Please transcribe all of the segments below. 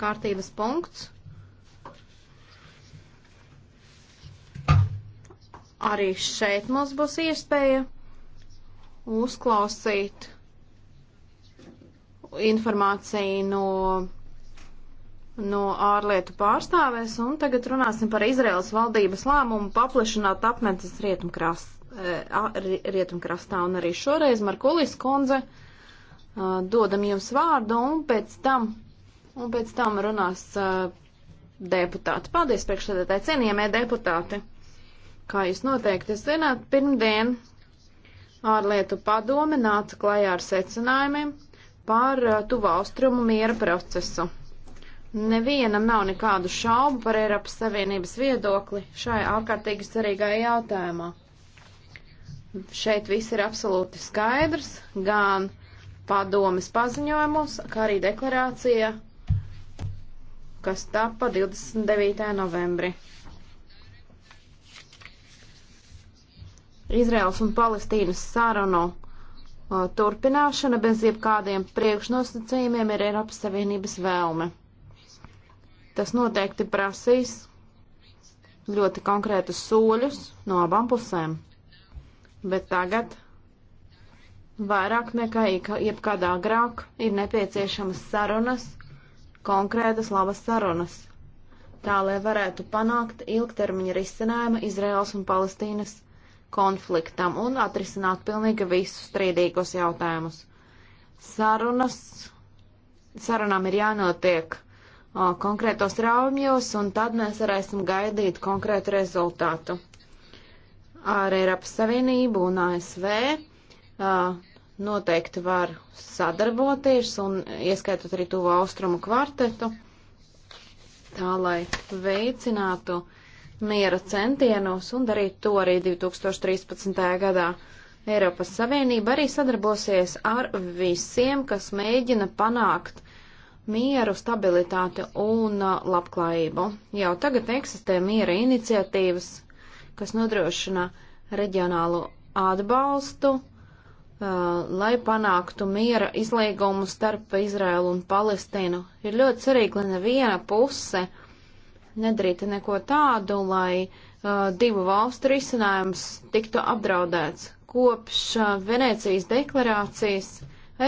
kārtības punkts. Arī šeit mums būs iespēja uzklausīt informāciju no, no ārlietu pārstāvēs, un tagad runāsim par Izraels valdības lēmumu paplašināt apmetnes rietumkrastā, e, rietumkrastā un arī šoreiz Markulis kundze dodam jums vārdu, un pēc tam Un pēc tam runās uh, deputāti. Paldies, priekšsēdētāji, cienījamie deputāti. Kā jūs noteikti zināt, pirmdien ārlietu padome nāca klajā ar secinājumiem par uh, tuvu austrumu miera procesu. Nevienam nav nekādu šaubu par Eiropas Savienības viedokli šajā ārkārtīgi svarīgajā jautājumā. Šeit viss ir absolūti skaidrs, gan padomes paziņojumos, kā arī deklarācija kas tapa 29. novembrī. Izraels un Palestīnas sarunu uh, turpināšana bez jebkādiem priekšnosacījumiem ir Eiropas Savienības vēlme. Tas noteikti prasīs ļoti konkrētus soļus no abām pusēm. Bet tagad vairāk nekā jebkad agrāk ir nepieciešamas sarunas konkrētas labas sarunas, tā lai varētu panākt ilgtermiņa risinājumu Izraels un Palestīnas konfliktam un atrisināt pilnīgi visus strīdīgos jautājumus. Sarunas, sarunām ir jānotiek o, konkrētos raumjos, un tad mēs varēsim gaidīt konkrētu rezultātu. Ar Eiropas Savienību un ASV o, noteikti var sadarboties un ieskaitot arī tuvo austrumu kvartetu, tā lai veicinātu miera centienos un darīt to arī 2013. gadā. Eiropas Savienība arī sadarbosies ar visiem, kas mēģina panākt mieru, stabilitāti un uh, labklājību. Jau tagad eksistē miera iniciatīvas, kas nodrošina reģionālu atbalstu, uh, Uh, lai panāktu miera izlīgumu starp Izraēlu un Palestīnu. Ir ļoti cerīgi, lai neviena puse nedarītu neko tādu, lai uh, divu valstu risinājums tiktu apdraudēts. Kopš uh, Venēcijas deklarācijas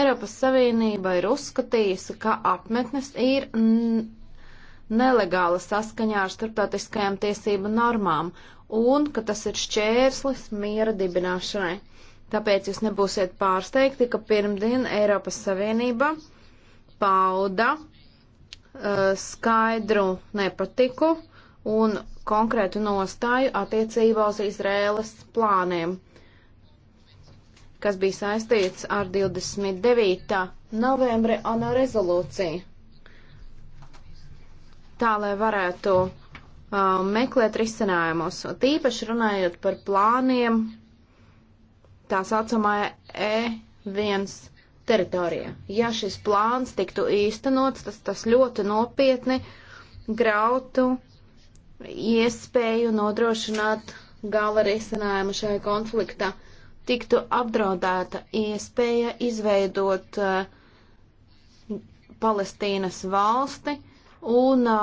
Eiropas Savienība ir uzskatījusi, ka apmetnes ir nelegāla saskaņā ar starptautiskajām tiesību normām un ka tas ir šķērslis miera dibināšanai. Tāpēc jūs nebūsiet pārsteigti, ka pirmdien Eiropas Savienība pauda uh, skaidru nepatiku un konkrētu nostāju attiecībā uz Izrēlas plāniem, kas bija saistīts ar 29. novembra ANO rezolūciju. Tā, lai varētu uh, meklēt risinājumus, tīpaši runājot par plāniem tā saucamā E1 teritorija. Ja šis plāns tiktu īstenots, tas, tas ļoti nopietni grautu iespēju nodrošināt gala risinājumu šajā konfliktā. Tiktu apdraudēta iespēja izveidot uh, Palestīnas valsti un uh,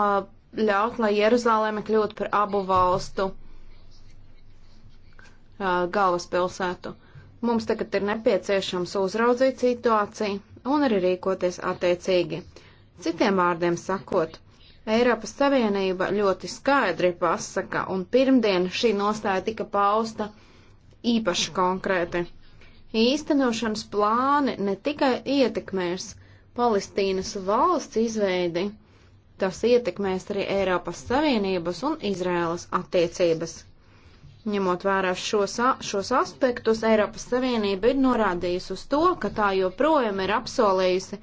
ļaut, lai Jeruzaleme kļūtu par abu valstu uh, galvaspilsētu. Uh, Mums tagad ir nepieciešams uzraudzīt situāciju un arī rīkoties attiecīgi. Citiem vārdiem sakot, Eiropas Savienība ļoti skaidri pasaka, un pirmdien šī nostāja tika pausta īpaši konkrēti. Īstenošanas plāni ne tikai ietekmēs Palestīnas valsts izveidi, tas ietekmēs arī Eiropas Savienības un Izraēlas attiecības. Ņemot vērā šos, šos aspektus, Eiropas Savienība ir norādījusi uz to, ka tā joprojām ir apsolījusi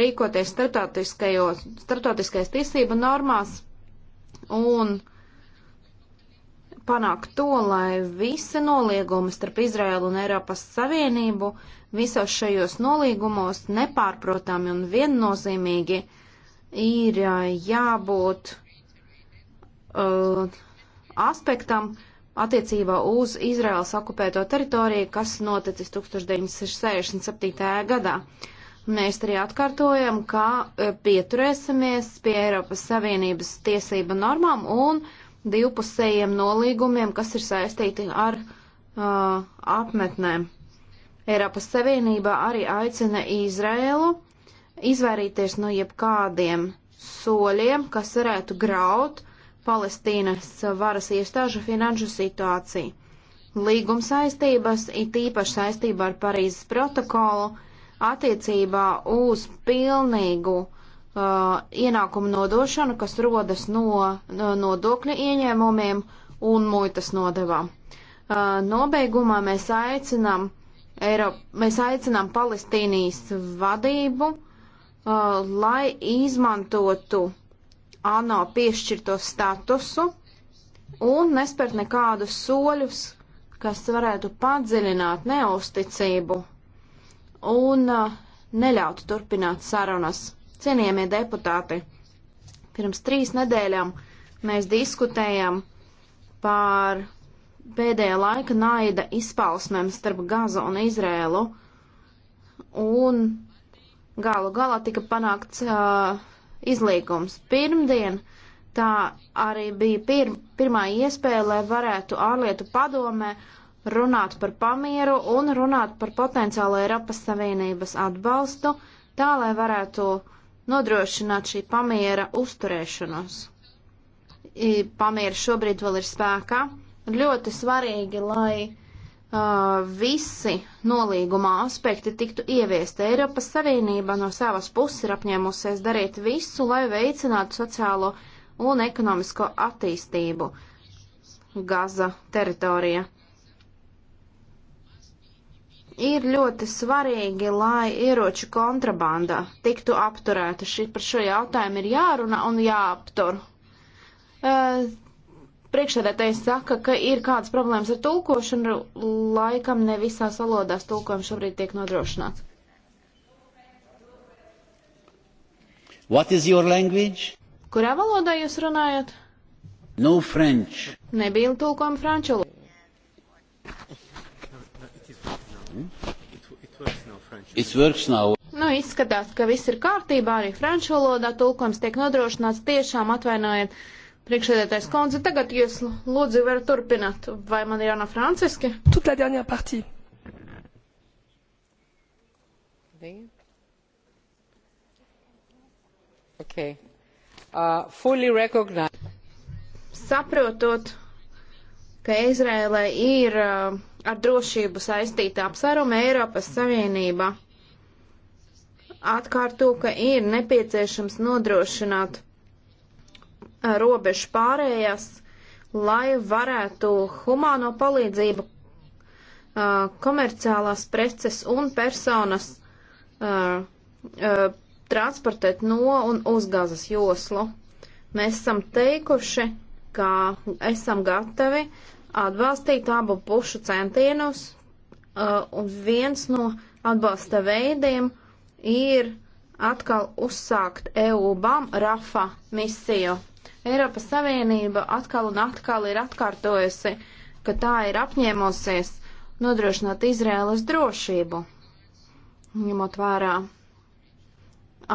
rīkoties starptautiskais tiesību normās un panākt to, lai visi noliegumi starp Izraēlu un Eiropas Savienību visos šajos nolīgumos nepārprotami un viennozīmīgi ir jābūt uh, aspektam, uh, attiecībā uz Izraels okupēto teritoriju, kas noticis 1967. gadā. Mēs arī atkārtojam, ka e, pieturēsimies pie Eiropas Savienības tiesība normām un divpusējiem nolīgumiem, kas ir saistīti ar uh, apmetnēm. Eiropas Savienība arī aicina Izraēlu izvairīties no jebkādiem soļiem, kas varētu graut uh, Palestīnas varas iestāžu finanšu situāciju. Līguma saistības, it īpaši saistībā ar Parīzes protokolu, attiecībā uz pilnīgu uh, ienākumu nodošanu, kas rodas no, no nodokļu ieņēmumiem un muitas nodevām. Uh, nobeigumā mēs aicinām, Eiropa, mēs aicinām Palestīnijas vadību, uh, lai izmantotu ANO piešķirto statusu un nespērt nekādus soļus, kas varētu padziļināt neusticību un uh, neļautu turpināt sarunas. Cienījamie deputāti, pirms trīs nedēļām mēs diskutējām par pēdējā laika naida izpausmēm starp Gaza un Izrēlu, un galu galā tika panākts uh, izlīgums. Pirmdien tā arī bija pir pirmā iespēja, lai varētu ārlietu padomē runāt par pamieru un runāt par potenciālo Eiropas Savienības atbalstu, tā lai varētu nodrošināt šī pamiera uzturēšanos. Pamiera šobrīd vēl ir spēkā. Ļoti svarīgi, lai uh, visi nolīguma aspekti tiktu ieviesti. Eiropas Savienība no savas puses ir apņēmusies darīt visu, lai veicinātu sociālo un ekonomisko attīstību Gaza teritorijā. Ir ļoti svarīgi, lai ieroču kontrabanda tiktu apturēta. Šī par šo jautājumu ir jārunā un jāaptur. Uh, priekšsēdētājs saka, ka ir kādas problēmas ar tulkošanu, laikam ne visās valodās tulkojums šobrīd tiek nodrošināts. What is your language? Kurā valodā jūs runājat? No French. Nebija tulkojuma franču valodā. Hmm? It works now. Nu, izskatās, ka viss ir kārtībā, arī franču valodā tulkojums tiek nodrošināts tiešām atvainojiet Priekšsēdētājs Konze, tagad jūs lūdzu varat turpināt. Vai man ir Jāna Franciski? Toute la dernière partie. Okay. Uh, fully recognized. Saprotot, ka Izrēlē ir uh, ar drošību saistīta apsvēruma Eiropas Savienība atkārto, ka ir nepieciešams nodrošināt robežu pārējas, lai varētu humāno palīdzību, komerciālās preces un personas transportēt no un uz gazas joslu. Mēs esam teikuši, ka esam gatavi atbalstīt abu pušu centienus, un viens no atbalsta veidiem ir atkal uzsākt EU-BAM RAFA misiju. Eiropas Savienība atkal un atkal ir atkārtojusi, ka tā ir apņēmusies nodrošināt Izrēlas drošību, ņemot vērā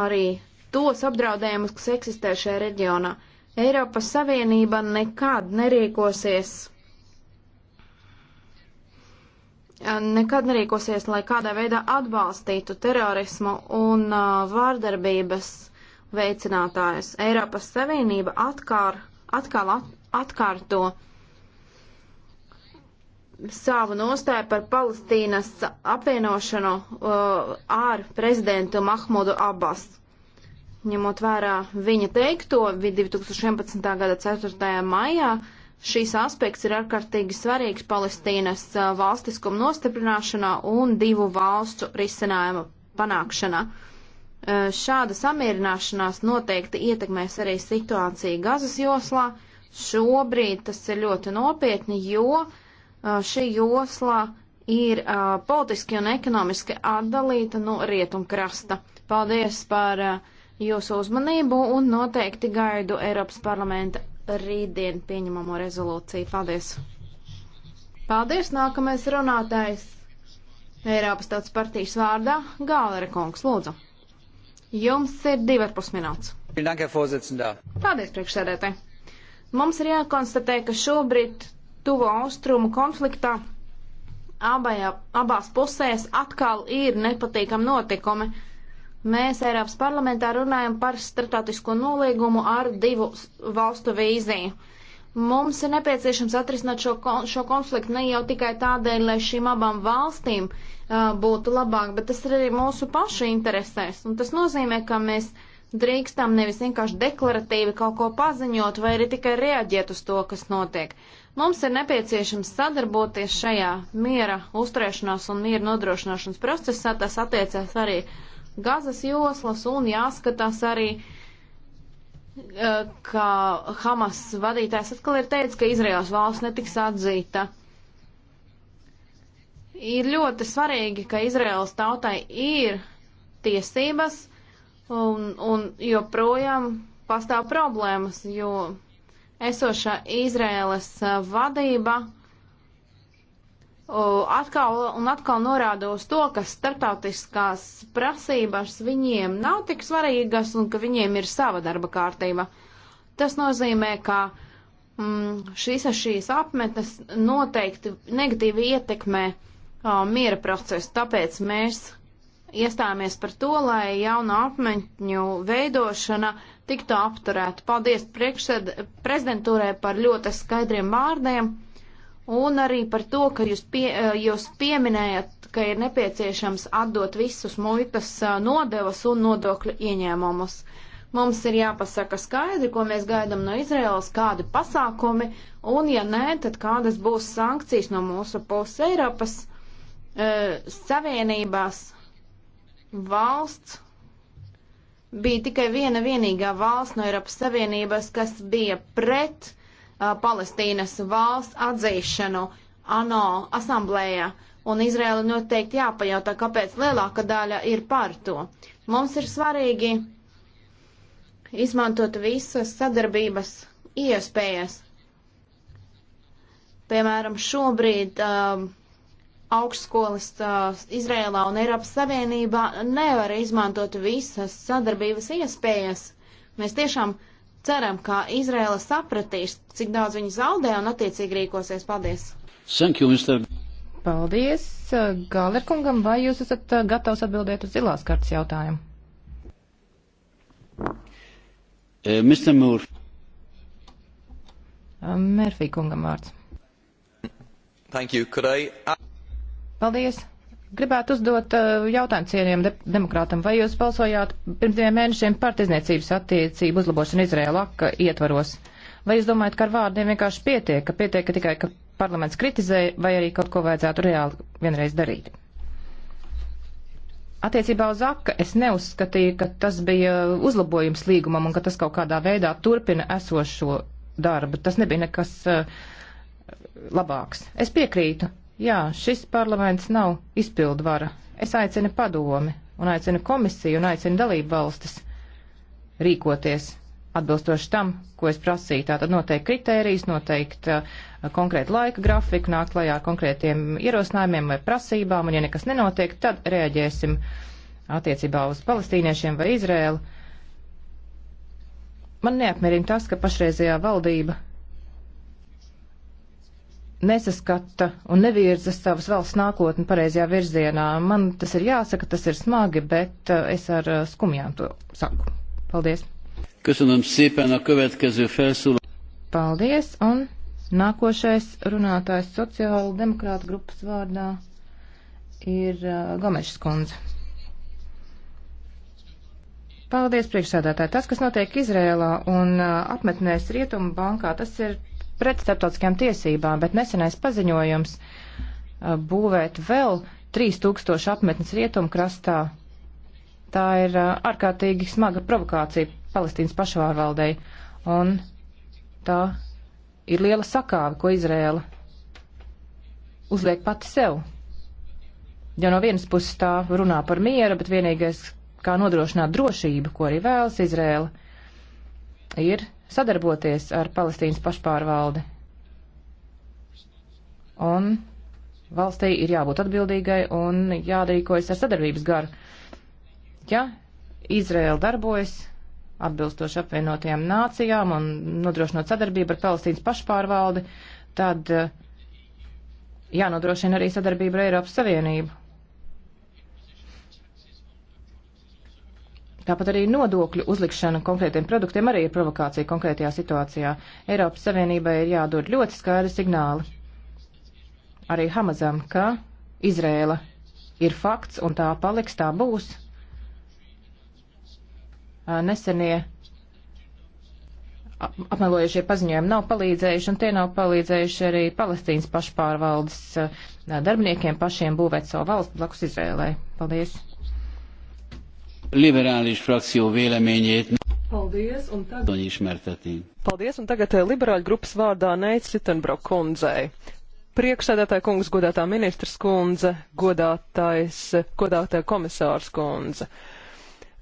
arī tos apdraudējumus, kas eksistē šajā reģionā. Eiropas Savienība nekad nerīkosies nekad nerīkosies, lai kādā veidā atbalstītu terorismu un uh, vārdarbības veicinātājs. Eiropas Savienība atkār, atkal at, atkārto savu nostāju par Palestīnas apvienošanu uh, ar prezidentu Mahmudu Abbas. Ņemot vērā viņa teikto 2011. gada 4. maijā, šīs aspekts ir ārkārtīgi svarīgs Palestīnas uh, valstiskuma nostiprināšanā un divu valstu risinājuma panākšanā. Uh, Eh, šāda samierināšanās noteikti ietekmēs arī situāciju Gazas joslā. Šobrīd tas ir ļoti nopietni, jo eh, šī josla ir eh, politiski un ekonomiski atdalīta no rietumkrasta. Paldies par jūsu uzmanību un noteikti gaidu Eiropas parlamenta rītdien pieņemamo rezolūciju. Paldies! Paldies! Nākamais runātājs Eiropas Tautas partijas vārdā Gālera kungs, lūdzu! Jums ir divi ar pusminūtes. Paldies, priekšsēdētāji. Mums ir jākonstatē, ka šobrīd tuvo austrumu konfliktā abajā, abās pusēs atkal ir nepatīkami notikumi. Mēs Eiropas parlamentā runājam par startautisko nolīgumu ar divu valstu vīziju. Mums ir nepieciešams atrisināt šo, šo konfliktu ne jau tikai tādēļ, lai šīm abām valstīm uh, būtu labāk, bet tas ir arī mūsu pašu interesēs. Un tas nozīmē, ka mēs drīkstam nevis vienkārši deklaratīvi kaut ko paziņot vai arī tikai reaģēt uz to, kas notiek. Mums ir nepieciešams sadarboties šajā miera uzturēšanās un miera nodrošināšanas procesā. Tas attiecās arī Gazas joslas un jāskatās arī uh, ka Hamas vadītājs atkal ir teicis, ka Izraels valsts netiks atzīta. Ir ļoti svarīgi, ka Izraels tautai ir tiesības un, un joprojām pastāv problēmas, jo esošā Izraēlas vadība Uh, atkal un atkal norāda uz to, ka starptautiskās prasības viņiem nav tik svarīgas un ka viņiem ir sava darba kārtība. Tas nozīmē, ka mm, šīs, šīs apmetnes noteikti negatīvi ietekmē o, uh, miera procesu, tāpēc mēs iestājāmies par to, lai jauna apmetņu veidošana tiktu apturēta. Paldies priekšsēd prezidentūrē par ļoti skaidriem vārdiem un arī par to, ka jūs, pie, eh, jūs pieminējat, ka ir nepieciešams atdot visus muitas eh, nodevas un nodokļu ieņēmumus. Mums ir jāpasaka skaidri, ko mēs gaidām no Izraēlas, kādi pasākumi, un ja nē, tad kādas būs sankcijas no mūsu puses Eiropas e, eh, Savienībās. Valsts bija tikai viena vienīgā valsts no Eiropas Savienības, kas bija pret Uh, Palestīnas valsts atzīšanu ANO asamblējā. Un Izraela noteikti jāpajautā, kāpēc lielāka daļa ir par to. Mums ir svarīgi izmantot visas sadarbības iespējas. Piemēram, šobrīd um, augstskolas uh, Izrēlā un Eiropas Savienībā nevar izmantot visas sadarbības iespējas. Mēs tiešām Ceram, ka Izraela sapratīs, cik daudz viņi zaudē un attiecīgi rīkosies. Paldies! Thank you, Mr. Paldies, uh, Galerkungam, vai jūs esat uh, gatavs atbildēt uz zilās kartas jautājumu? Eh, uh, Mr. Moore. Mērfī kungam vārds. Thank you. Could I... Paldies. Gribētu uzdot uh, jautājumu cienījumam de demokrātam, vai jūs balsojāt pirms diviem mēnešiem par tirzniecības attiecību uzlabošanu Izrēla aka ietvaros? Vai jūs domājat, ka ar vārdiem vienkārši pietiek, ka pietiek ka tikai, ka parlaments kritizē, vai arī kaut ko vajadzētu reāli vienreiz darīt? Attiecībā uz aka es neuzskatīju, ka tas bija uzlabojums līgumam un ka tas kaut kādā veidā turpina esošo darbu. Tas nebija nekas uh, labāks. Es piekrītu Jā, šis parlaments nav izpildvara. Es aicinu padomi un aicinu komisiju un aicinu dalību valstis rīkoties atbilstoši tam, ko es prasīju. Tātad noteikti kritērijas, noteikti uh, konkrēti laika grafiku, nākt klajā ar konkrētiem ierosinājumiem vai prasībām, un ja nekas nenotiek, tad reaģēsim attiecībā uz palestīniešiem vai Izrēlu. Man neapmierina tas, ka pašreizējā valdība nesaskata un nevirza savas valsts nākotni pareizajā virzienā. Man tas ir jāsaka, tas ir smagi, bet uh, es ar uh, skumjām to saku. Paldies! Köszönöm szépen a következő felszóló. Paldies, un nākošais runātājs sociāla demokrāta grupas vārdā ir uh, Gomešs kundze. Paldies, priekšsēdētāji. Tas, kas notiek Izrēlā un apmetnēs Rietumu bankā, tas ir pret starptautiskajām tiesībām, bet nesenais paziņojums uh, būvēt vēl 3000 apmetnes rietumkrastā. Tā ir uh, ārkārtīgi smaga provokācija Palestīnas pašvārvaldei, un tā ir liela sakāve, ko Izrēla uzliek pati sev. Jo no vienas puses tā runā par mieru, bet vienīgais, kā nodrošināt drošību, ko arī vēlas Izrēla, ir sadarboties ar Palestīnas pašpārvaldi. Un valstī ir jābūt atbildīgai un jādrīkojas ar sadarbības garu. Ja Izraela darbojas atbilstoši apvienotajām nācijām un nodrošinot sadarbību ar Palestīnas pašpārvaldi, tad eh, jānodrošina arī sadarbība ar Eiropas Savienību. Tāpat arī nodokļu uzlikšana konkrētiem produktiem arī ir provokācija konkrētajā situācijā. Eiropas Savienībai ir jādod ļoti skaidri signāli arī Hamazam, ka Izrēla ir fakts un tā paliks, tā būs. Nesenie apmelojušie paziņojumi nav palīdzējuši, un tie nav palīdzējuši arī Palestīnas pašpārvaldes darbiniekiem pašiem būvēt savu valstu blakus Izrēlai. Paldies! liberális frakció véleményét. Paldies, un tagad... ismertetni. Paldies, un tagad eh, liberāļu grupas vārdā Neits Litenbrok kundzei. Priekšsēdētāja kungs, godātā ministrs kundze, godātais, godātā komisārs kundze. Uh,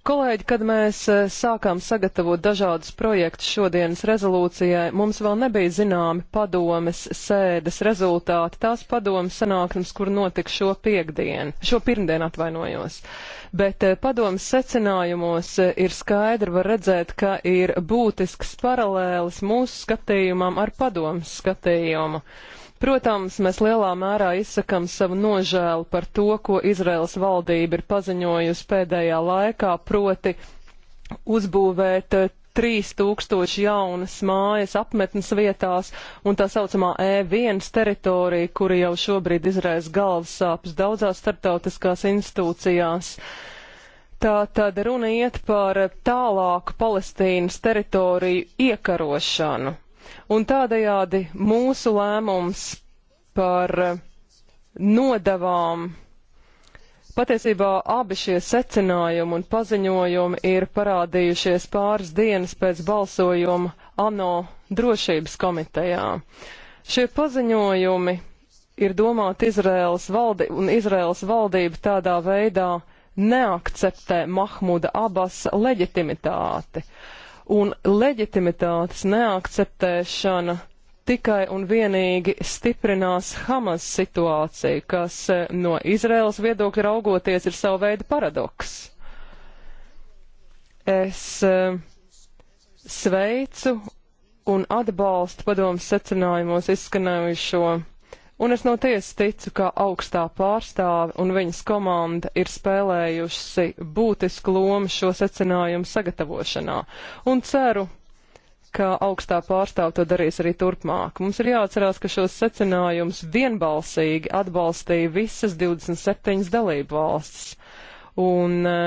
Kolēģi, kad mēs eh, sākām sagatavot dažādus projektus šodienas rezolūcijai, mums vēl nebija zināmi padomes sēdes rezultāti, tās padomes sanāksmes, kur notika šo piekdienu, šo pirmdienu atvainojos. Bet eh, padomes secinājumos eh, ir skaidri, var redzēt, ka ir būtisks paralēlis mūsu skatījumam ar padomes skatījumu. Protams, mēs lielā mērā izsakam savu nožēlu par to, ko Izraels valdība ir paziņojusi pēdējā laikā, proti uzbūvēt 3000 eh, jaunas mājas apmetnes vietās un tā saucamā E1 teritorija, kura jau šobrīd izraisa galvas sāpes daudzās starptautiskās institūcijās. Tā tad runa iet par tālāku Palestīnas teritoriju iekarošanu. Un tādējādi mūsu lēmums par nodavām Patiesībā abi šie secinājumi un paziņojumi ir parādījušies pāris dienas pēc balsojuma ANO drošības komitejā. Šie paziņojumi ir domāti Izraels valdi un Izraels valdība tādā veidā neakceptē Mahmuda Abasa leģitimitāti. Uh, un leģitimitātes neakceptēšana tikai un vienīgi stiprinās Hamas situāciju, kas e, no Izraels viedokļa raugoties ir savu veidu paradoks. Es e, sveicu un atbalstu padomu secinājumos izskanējušo Un es no tiesas ticu, ka augstā pārstāve un viņas komanda ir spēlējusi būtisku lomu šo secinājumu sagatavošanā. Un ceru, ka augstā pārstāve to darīs arī turpmāk. Mums ir jāatcerās, ka šos secinājumus vienbalsīgi atbalstīja visas 27 dalību valsts. Un e,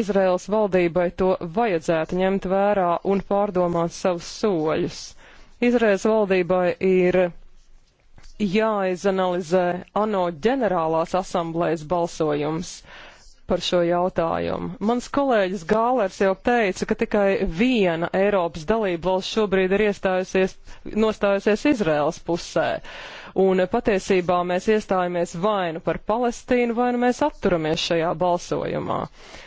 Izraels valdībai to vajadzētu ņemt vērā un pārdomāt savus soļus. Izraels valdībai ir jāizanalizē ANO ģenerālās asamblējas balsojums par šo jautājumu. Mans kolēģis Gālērs jau teica, ka tikai viena Eiropas dalība valsts šobrīd ir iestājusies, nostājusies Izraels pusē. Un patiesībā mēs iestājāmies vainu par Palestīnu, vai nu mēs atturamies šajā balsojumā. Uh,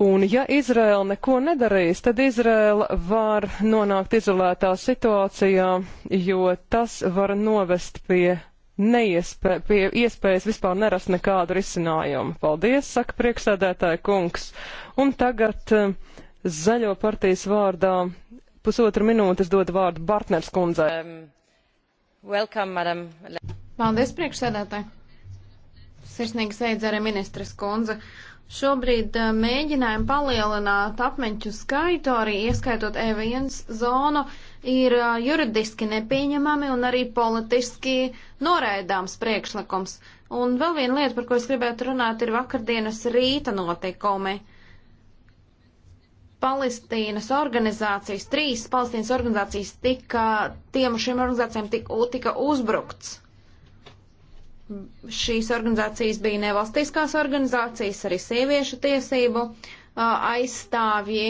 Un ja Izraela neko nedarīs, tad Izraela var nonākt izolētā situācijā, jo tas var novest pie, neiespē, pie iespējas vispār nerast nekādu risinājumu. Paldies, saka priekšsēdētāja kungs. Un tagad eh, zaļo partijas vārdā pusotru minūtes dod vārdu Bartners kundzei. Um, welcome, madam. Paldies, priekšsēdētāji. Sirsnīgi sveicu arī ministres kundze. Uh, Šobrīd uh, mēģinājumi palielināt apmeņķu skaitu, arī ieskaitot E1 zonu, ir uh, juridiski nepieņemami un arī politiski noraidāms priekšlikums. Un vēl viena lieta, par ko es gribētu runāt, ir vakardienas rīta notikumi. Palestīnas organizācijas, trīs Palestīnas organizācijas tika, tiem šīm organizācijām tika, tika uzbrukts šīs organizācijas bija nevalstiskās organizācijas, arī sieviešu tiesību aizstāvji,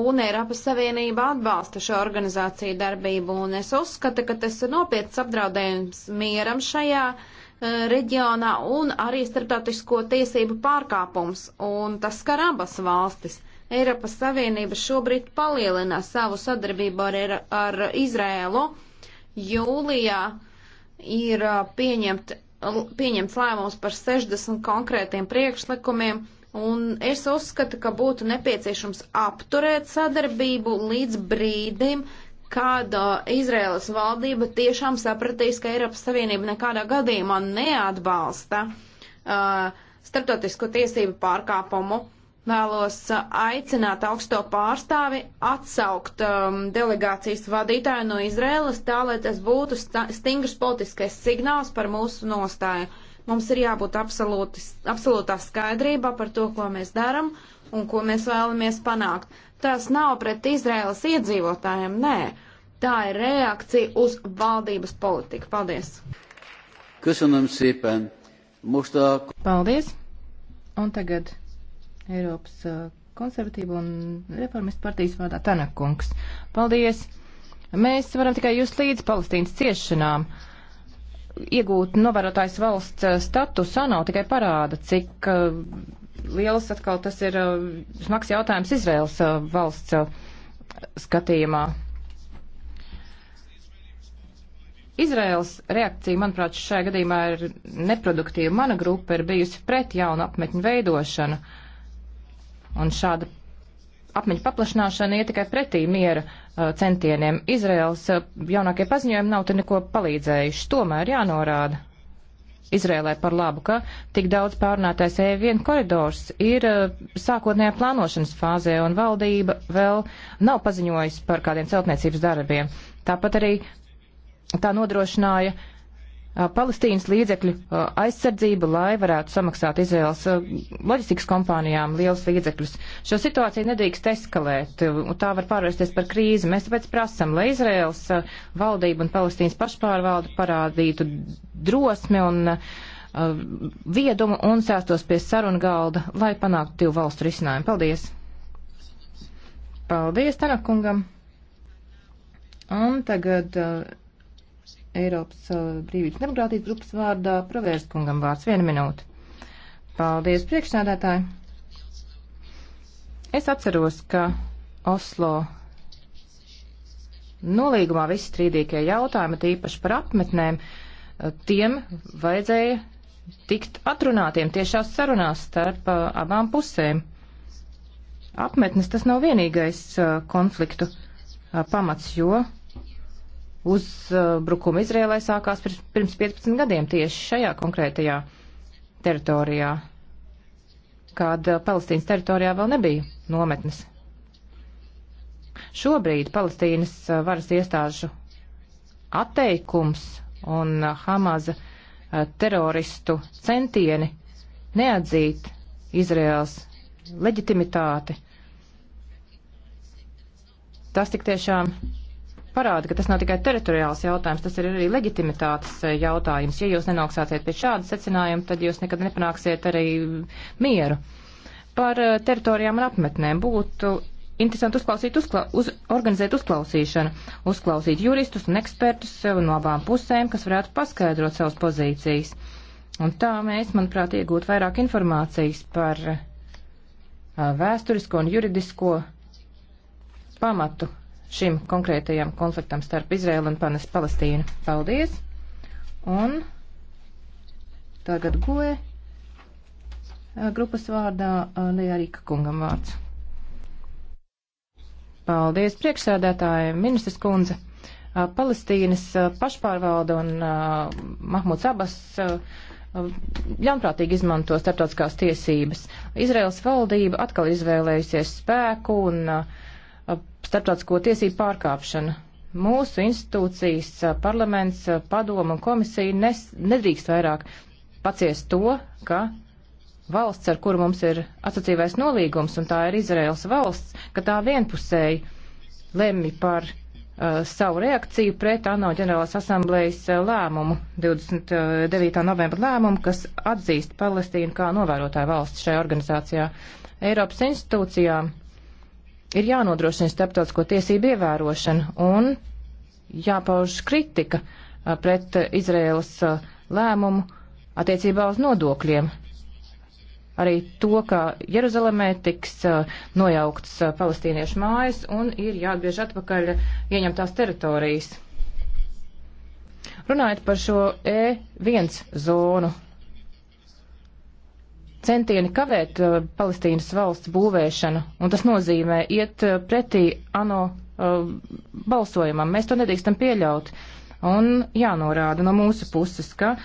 un Eiropas Savienība atbalsta šo organizāciju darbību, un es uzskatu, ka tas ir nopietns apdraudējums mieram šajā uh, reģionā un arī starptautisko tiesību pārkāpums, un tas skar abas valstis. Eiropas Savienība šobrīd palielina savu sadarbību ar, ar Izrēlu. Jūlijā ir pieņemta pieņemts lēmums par 60 konkrētiem priekšlikumiem, un es uzskatu, ka būtu nepieciešams apturēt sadarbību līdz brīdim, kad Izraēlas valdība tiešām sapratīs, ka Eiropas Savienība nekādā gadījumā neatbalsta uh, starptautisko tiesību pārkāpumu uh, Vēlos uh, aicināt augsto pārstāvi atsaukt um, delegācijas vadītāju no Izrēlas tā, lai tas būtu stingrs politiskais signāls par mūsu nostāju. Mums ir jābūt absolūti, absolūtā skaidrībā par to, ko mēs darām un ko mēs vēlamies panākt. Tas nav pret Izrēlas iedzīvotājiem, nē. Tā ir reakcija uz valdības politiku. Paldies! Köszönöm szépen! Most a... Paldies! Un tagad Eiropas uh, konservatīvu un reformistu partijas vārdā Tanakungs. Paldies! Mēs varam tikai jūs līdz Palestīnas ciešanām. Iegūt novērotājs valsts uh, statusu ANO tikai parāda, cik uh, liels atkal tas ir uh, smags jautājums Izraels uh, valsts uh, skatījumā. Izraels reakcija, manuprāt, šajā gadījumā ir neproduktīva. Mana grupa ir bijusi pret jaunu apmetņu veidošanu. Uh, Un šāda apmeņa paplašināšana iet tikai pretī miera uh, centieniem. Izraels uh, jaunākie paziņojumi nav te neko palīdzējuši. Tomēr jānorāda Izrēlē par labu, ka tik daudz pārunātais E1 koridors ir uh, sākotnējā plānošanas fāzē un valdība vēl nav paziņojusi par kādiem celtniecības darbiem. Tāpat arī tā nodrošināja uh, Palestīnas līdzekļu aizsardzību, lai varētu samaksāt Izraels loģistikas kompānijām liels līdzekļus. Šo situāciju nedrīkst eskalēt, un tā var pārvērsties par krīzi. Mēs tāpēc prasam, lai Izraels valdība un Palestīnas pašpārvalde parādītu drosmi un viedumu un sēstos pie sarunu galda, lai panāktu divu valstu risinājumu. Paldies! Paldies Tanakungam! Un tagad uh, Eiropas uh, brīvības demokrātijas grupas vārdā pravērst kungam vārds vienu minūti. Paldies, priekšsēdētāji. Es atceros, ka Oslo nolīgumā visi strīdīgie jautājumi, tīpaši par apmetnēm, uh, tiem vajadzēja tikt atrunātiem tiešās sarunās starp uh, abām pusēm. Apmetnes tas nav vienīgais konfliktu pamats, jo uzbrukuma Izrēlai sākās pirms 15 gadiem tieši šajā konkrētajā teritorijā, kad uh, Palestīnas teritorijā vēl nebija nometnes. Šobrīd Palestīnas uh, varas iestāžu atteikums un uh, Hamaza teroristu centieni neatzīt Izraels leģitimitāti. Tas tik tiešām parāda, ka tas nav tikai teritoriāls jautājums, tas ir arī leģitimitātes eh, jautājums. Ja jūs nenonāksiet pie šāda secinājuma, tad jūs nekad nepanāksiet arī mieru. Par eh, teritorijām un apmetnēm būtu interesanti uzklausīt, uzkla, uz, organizēt uzklausīšanu, uzklausīt juristus un ekspertus eh, no abām pusēm, kas varētu paskaidrot savas pozīcijas. Un tā mēs, manuprāt, iegūtu vairāk informācijas par vēsturisko un juridisko pamatu šim konkrētajam konfliktam starp Izraēlu un Palestīnu. Paldies! Un tagad goe eh, grupas vārdā Leārika eh, kungam vārds. Paldies priekšsēdētājiem, ministrs kundze. Eh, Palestīnas pašpārvalda un Mahmuds Abas ļaunprātīgi izmanto starptautiskās tiesības. Izraels valdība atkal izvēlējusies spēku un uh, starptautisko tiesību pārkāpšana. Mūsu institūcijas, parlaments, padoma un komisija nes, nedrīkst vairāk paciest to, ka valsts, ar kuru mums ir asociīvais nolīgums, un tā ir Izraels valsts, ka tā vienpusēji lemj par uh, savu reakciju pret ANO ģenerālās asamblējas uh, lēmumu, 29. novembra lēmumu, kas atzīst Palestīnu kā novērotāju valsts šajā organizācijā. Eiropas institūcijām ir jānodrošina starptautisko tiesību ievērošana un jāpauž kritika pret Izraēlas lēmumu attiecībā uz nodokļiem. Arī to, ka Jeruzalemē tiks nojauktas palestīniešu mājas un ir jāatgriež atpakaļ ieņemtās teritorijas. Runājot par šo E1 zonu, centieni kavēt uh, Palestīnas valsts būvēšanu, un tas nozīmē iet uh, pretī ANO uh, balsojumam. Mēs to nedrīkstam pieļaut. Un jānorāda no mūsu puses, ka uh,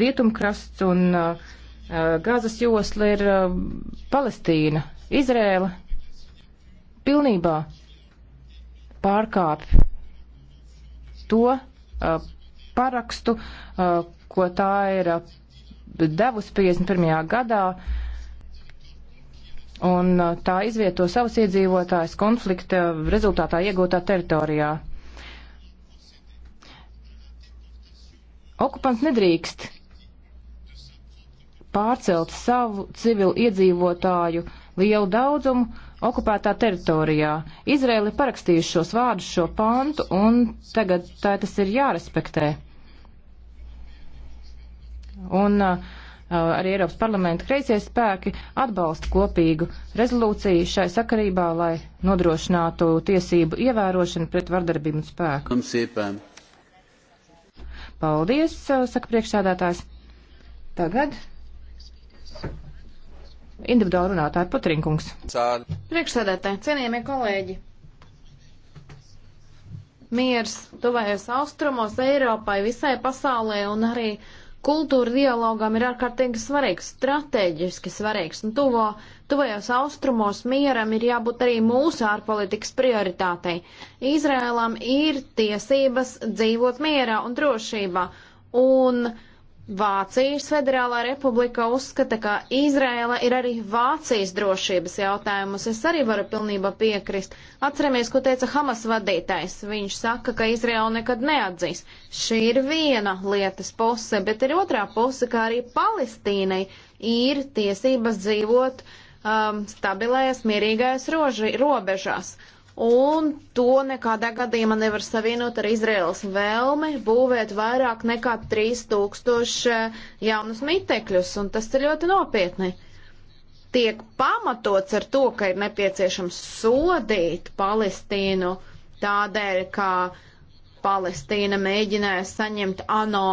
rietumkrasts un uh, uh, gazas josla ir Palestīna, Izrēla pilnībā pārkāpj to parakstu, ko tā ir devusi 51. gadā, un uh, tā izvieto savus iedzīvotājus konflikta rezultātā iegūtā teritorijā. Okupants nedrīkst pārcelt savu civilu iedzīvotāju lielu daudzumu okupētā teritorijā. Izraēli parakstījuši šos vārdus, šo pantu, un tagad tā tas ir jārespektē. Un uh, uh, arī Eiropas parlamenta kreisie spēki atbalsta kopīgu rezolūciju šai sakarībā, lai nodrošinātu tiesību ievērošanu pret vardarbību un spēku. Paldies, uh, saka priekšsādātājs. Tagad individuāli runātāji Putrinkungs. Priekšsēdētāji, cienījamie kolēģi. Miers tuvējos austrumos, Eiropai, visai pasaulē un arī kultūra dialogam ir ārkārtīgi svarīgs, strateģiski svarīgs, un nu, tuvo, tuvajos austrumos mieram ir jābūt arī mūsu ārpolitikas prioritātei. Izrēlam ir tiesības dzīvot mierā un drošībā, un Vācijas Federālā republika uzskata, ka Izrēla ir arī Vācijas drošības jautājumus. Es arī varu pilnībā piekrist. Atceramies, ko teica Hamas vadītājs. Viņš saka, ka Izrēla nekad neatzīs. Šī ir viena lietas puse, bet ir otrā puse, kā arī Palestīnai ir tiesības dzīvot um, stabilējas, mierīgājas roži, robežās un to nekādā gadījumā nevar savienot ar Izraels vēlmi būvēt vairāk nekā 3000 jaunus mitekļus, un tas ir ļoti nopietni. Tiek pamatots ar to, ka ir nepieciešams sodīt Palestīnu tādēļ, ka Palestīna mēģināja saņemt ANO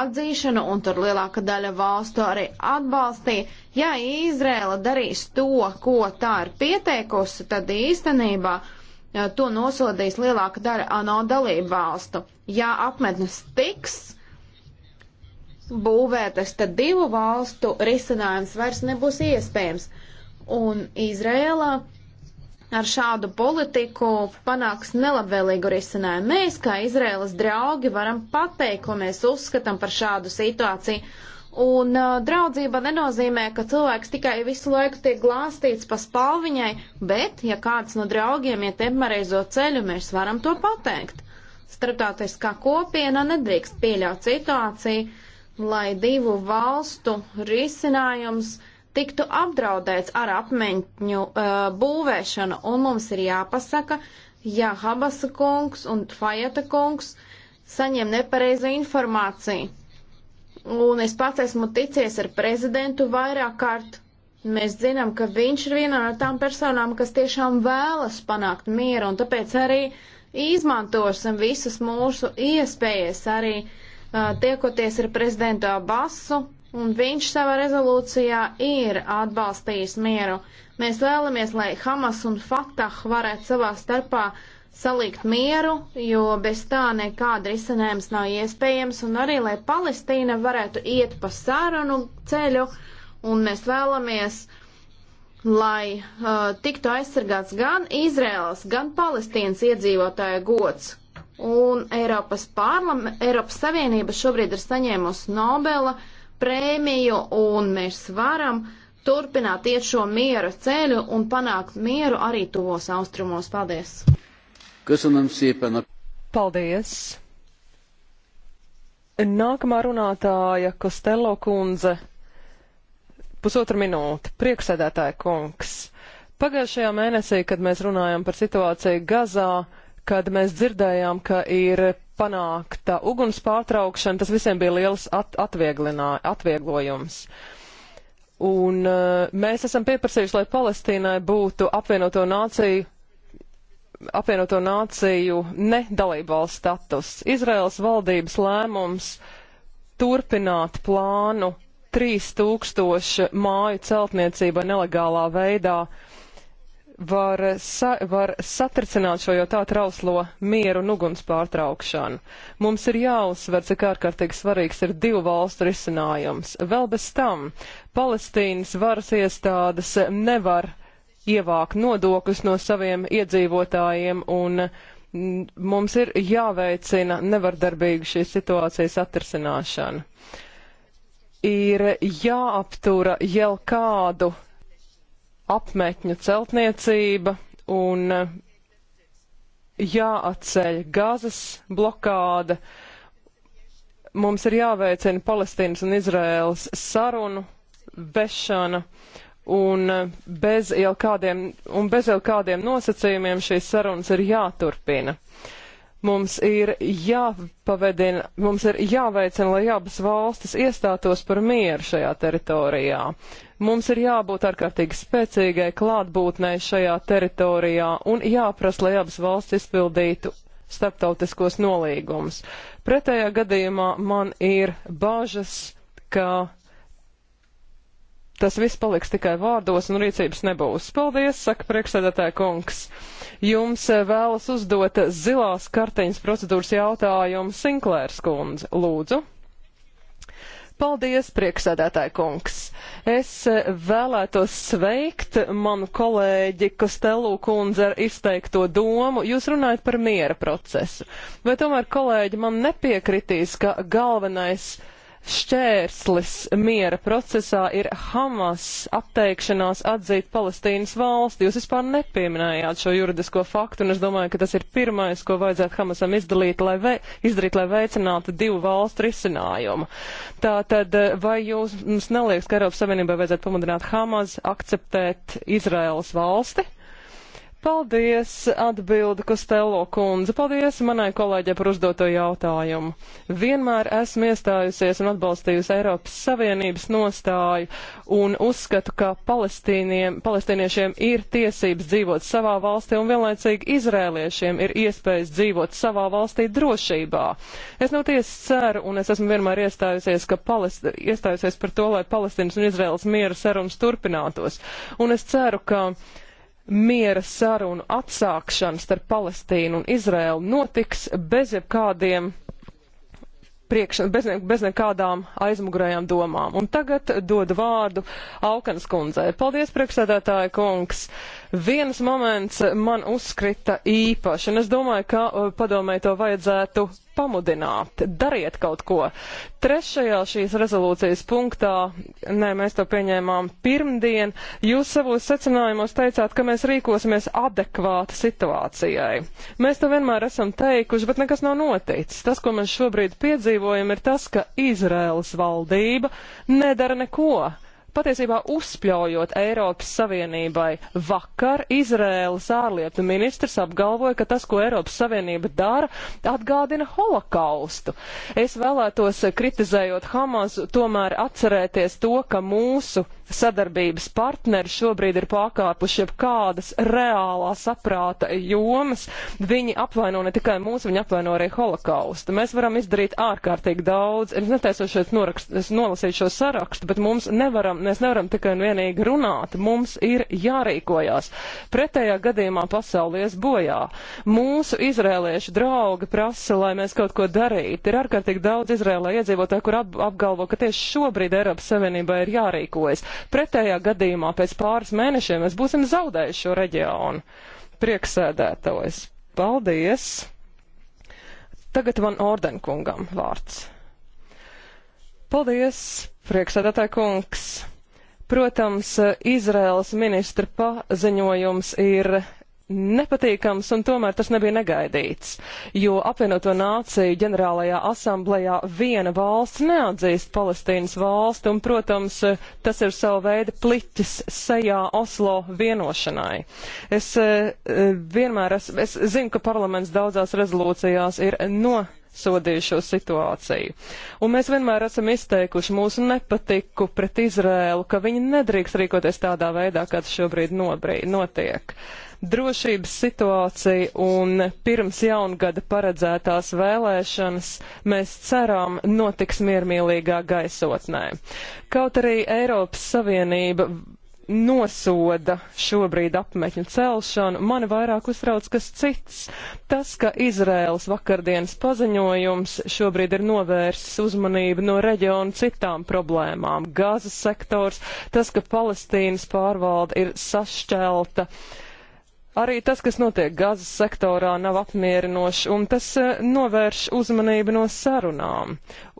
atzīšanu, un tur lielāka daļa valstu arī atbalstīja. Ja Izrēla darīs to, ko tā ir pieteikusi, tad īstenībā to nosodīs lielāka daļa ANO dalību valstu. Ja apmetnes tiks būvētas, tad divu valstu risinājums vairs nebūs iespējams. Un Izrēlā ar šādu politiku panāks nelabvēlīgu risinājumu. Mēs, kā Izrēlas draugi, varam pateikt, ko mēs uzskatām par šādu situāciju Un uh, draudzība nenozīmē, ka cilvēks tikai visu laiku tiek glāstīts pa spalviņai, bet, ja kāds no draugiem iet emareizo ceļu, mēs varam to pateikt. Starptautiskā kopiena nedrīkst pieļaut situāciju, lai divu valstu risinājums tiktu apdraudēts ar apmeņķu uh, būvēšanu, un mums ir jāpasaka, ja Habasa kungs un Fajeta kungs saņem nepareizu informāciju Un es pats esmu ticies ar prezidentu vairāk kārt. Mēs zinām, ka viņš ir viena no tām personām, kas tiešām vēlas panākt mieru, un tāpēc arī izmantosim visas mūsu iespējas, arī uh, tiekoties ar prezidentu Abasu, un viņš savā rezolūcijā ir atbalstījis mieru. Mēs vēlamies, lai Hamas un Fatah varētu savā starpā uh, salikt mieru, jo bez tā nekāda risinājums nav iespējams, un arī, lai Palestīna varētu iet pa sarunu ceļu, un mēs vēlamies, lai uh, tiktu aizsargāts gan Izraels, gan Palestīnas iedzīvotāja gods. Un Eiropas, parlam, Eiropas Savienība šobrīd ir saņēmusi Nobela prēmiju, un mēs varam turpināt iet šo miera ceļu un panākt mieru arī tuvos austrumos. Paldies! Köszönöm szépen a... Paldies! Nākamā runātāja Kostello kundze. Pusotra minūte. Prieksēdētāja kungs. Pagājušajā mēnesī, kad mēs runājam par situāciju Gazā, kad mēs dzirdējām, ka ir panākta uguns pārtraukšana, tas visiem bija liels at atvieglojums. Un uh, mēs esam pieprasījuši, lai Palestīnai būtu apvienoto nāciju apvienoto nāciju nedalībvalsts status. Izraels valdības lēmums turpināt plānu 3000 māju celtniecība nelegālā veidā var, sa var satricināt šo jau tā trauslo mieru un uguns pārtraukšanu. Mums ir jāuzsver, cik ārkārtīgi svarīgs ir divu valstu risinājums. Vēl bez tam Palestīnas varas iestādes nevar ievākt nodokļus no saviem iedzīvotājiem un mm, mums ir jāveicina nevardarbīgu šīs situācijas atrisināšana. Ir jāaptura jau kādu apmetņu celtniecība un jāatceļ gazas blokāda. Mums ir jāveicina Palestīnas un Izraēlas sarunu vešana. Uh, un eh, bez jau kādiem, un bez jau kādiem nosacījumiem šīs sarunas ir jāturpina. Mums ir jāpavedina, mums ir jāveicina, lai abas valstis iestātos par mieru šajā teritorijā. Mums ir jābūt ārkārtīgi spēcīgai klātbūtnei šajā teritorijā un jāprasa, lai abas valstis izpildītu starptautiskos nolīgumus. Pretējā gadījumā man ir bažas, ka tas viss paliks tikai vārdos un rīcības nebūs. Paldies, saka priekšsēdētāja kungs. Jums eh, vēlas uzdot zilās kartiņas procedūras jautājumu Sinklērs kundze. Lūdzu. Paldies, priekšsēdētāja kungs. Es eh, vēlētos sveikt manu kolēģi Kostelu kundzi ar izteikto domu. Jūs runājat par miera procesu. Vai tomēr kolēģi man nepiekritīs, ka galvenais šķērslis miera procesā ir Hamas atteikšanās atzīt Palestīnas valsti. Jūs vispār nepieminējāt šo juridisko faktu, un es domāju, ka tas ir pirmais, ko vajadzētu Hamasam izdalīt, lai ve izdarīt, lai veicinātu divu valstu risinājumu. Tātad, vai jūs mums neliekas, ka Eiropas Savienībai vajadzētu pamudināt Hamas akceptēt Izraēlas valsti? Paldies, atbildi Kostello kundze. Paldies manai kolēģe par uzdoto jautājumu. Vienmēr esmu iestājusies un atbalstījusi Eiropas Savienības nostāju un uzskatu, ka palestīniešiem ir tiesības dzīvot savā valstī un vienlaicīgi izrēliešiem ir iespējas dzīvot savā valstī drošībā. Es no tiesas ceru un es esmu vienmēr iestājusies, ka palest... iestājusies par to, lai Palestīnas un Izraels miera sarums turpinātos. Un es ceru, ka miera sarunu atsākšana starp Palestīnu un Izrēlu notiks bez jebkādiem priekš, bez, ne, bez nekādām aizmugurējām domām. Un tagad dodu vārdu Alkanas kundzei. Paldies, priekšsēdētāja kungs. Viens moments man uzskrita īpaši, un es domāju, ka uh, padomē to vajadzētu pamudināt, dariet kaut ko. Trešajā šīs rezolūcijas punktā, nē, mēs to pieņēmām pirmdien, jūs savos secinājumos teicāt, ka mēs rīkosimies adekvāti situācijai. Mēs to vienmēr esam teikuši, bet nekas nav noticis. Tas, ko mēs šobrīd piedzīvojam, ir tas, ka Izraels valdība nedara neko patiesībā uzspļaujot Eiropas Savienībai. Vakar Izrēlas ārlietu ministrs apgalvoja, ka tas, ko Eiropas Savienība dara, atgādina holokaustu. Es vēlētos, kritizējot Hamasu, tomēr atcerēties to, ka mūsu sadarbības partneri šobrīd ir pārkāpuši jebkādas reālā saprāta jomas. Viņi apvaino ne tikai mūs, viņi apvaino arī holokaustu. Mēs varam izdarīt ārkārtīgi daudz. Es netaisu šeit norakst, es nolasīt šo sarakstu, bet mums nevaram, mēs nevaram tikai un vienīgi runāt. Mums ir jārīkojās. Pretējā gadījumā pasaulies bojā. Mūsu izrēliešu draugi prasa, lai mēs kaut ko darītu. Ir ārkārtīgi daudz Izrēlē iedzīvotāju, kur ap, apgalvo, ka tieši šobrīd Eiropas Savienībā ir jārīkojas. Pretējā gadījumā pēc pāris mēnešiem mēs būsim zaudējuši šo reģionu. Prieksēdētājs. Paldies! Tagad man ordenkungam vārds. Paldies, prieksēdētāja kungs! Protams, Izraels ministra paziņojums ir nepatīkams, un tomēr tas nebija negaidīts, jo apvienoto nāciju ģenerālajā asamblējā viena valsts neatzīst Palestīnas valsti, un, protams, tas ir sava veida pliķis sejā Oslo vienošanai. Es eh, vienmēr, es, es zinu, ka parlaments daudzās rezolūcijās ir no sodīju šo situāciju. Un mēs vienmēr esam izteikuši mūsu nepatiku pret Izrēlu, ka viņi nedrīkst rīkoties tādā veidā, kā tas šobrīd nobrī, notiek. Uh, drošības situācija un pirms jaungada paredzētās vēlēšanas mēs ceram notiks miermīlīgā gaisotnē. Kaut arī Eiropas Savienība nosoda šobrīd apmetņu celšanu, mani vairāk uztrauc kas cits. Tas, ka Izraels vakardienas paziņojums šobrīd ir novērsis uzmanību no reģiona citām problēmām - gazas sektors, tas, ka Palestīnas pārvalde ir sašķelta. Uh, Arī tas, kas notiek gazas sektorā, nav apmierinoši, un tas eh, novērš uzmanību no sarunām.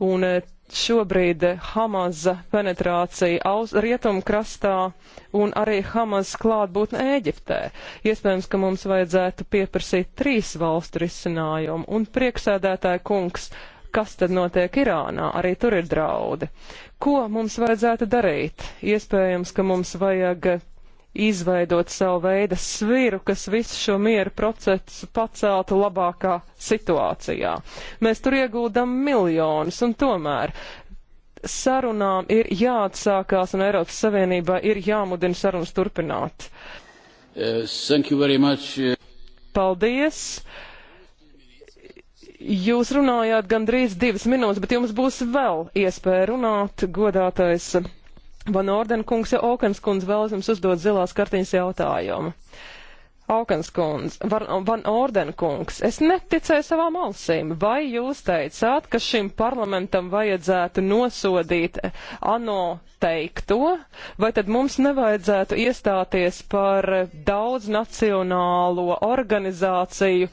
Un eh, šobrīd eh, Hamaza penetrācija rietumkrastā un arī Hamaza klātbūtne Ēģiptē. Iespējams, ka mums vajadzētu pieprasīt trīs valstu risinājumu, un prieksēdētāja kungs kas tad notiek Irānā, arī tur ir draudi. Ko mums vajadzētu darīt? Iespējams, ka mums vajag izveidot savu veidu sviru, kas visu šo miera procesu paceltu labākā situācijā. Mēs tur ieguldam miljonus, un tomēr sarunām ir jāatsākās, un Eiropas Savienībā ir jāmudina sarunas turpināt. Uh, Paldies! Jūs runājāt gandrīz divas minūtes, bet jums būs vēl iespēja runāt, godātais Van Ordenkungs, ja Okenskundze vēlas jums uzdot zilās kartiņas jautājumu. Aukenskundze, Van, Van Ordenkungs, es neticēju savām ausīm. Vai jūs teicāt, ka šim parlamentam vajadzētu nosodīt ANO teikto, vai tad mums nevajadzētu iestāties par daudz nacionālo organizāciju?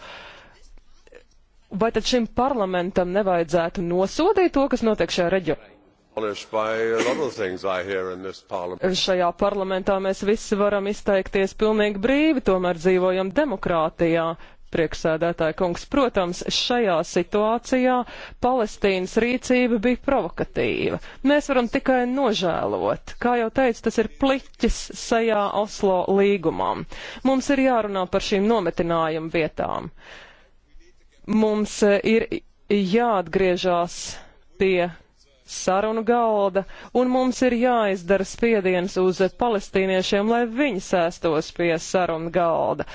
Vai tad šim parlamentam nevajadzētu nosodīt to, kas notiek šajā reģionā? Šajā parlamentā mēs visi varam izteikties pilnīgi brīvi, tomēr dzīvojam demokrātijā. Priekšsēdētāja kungs, protams, šajā situācijā Palestīnas rīcība bija provokatīva. Mēs varam tikai nožēlot. Kā jau teicu, tas ir pliķis sajā Oslo līgumam. Mums ir jārunā par šīm nometinājumu vietām. Mums ir jāatgriežās pie sarunu galda, un mums ir jāizdara spiediens uz palestīniešiem, lai viņi sēstos pie sarunu galda.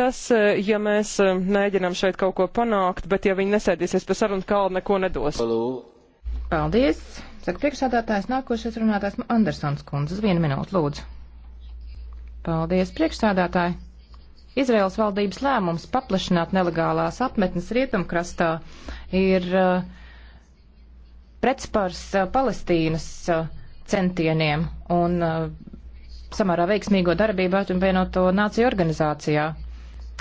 Tas, e, ja mēs e, mēģinām šeit kaut ko panākt, bet ja viņi nesēdīsies pie sarunu galda, neko nedos. Paldies! Saka priekšsādātājs nākošais runātājs Andersons kundzes. Vienu minūtu, lūdzu. Paldies, priekšsādātāji! Izraels valdības lēmums paplašināt nelegālās apmetnes rietumkrastā ir uh, pretspars Palestīnas centieniem un samērā veiksmīgo darbību atvienoto nāciju organizācijā.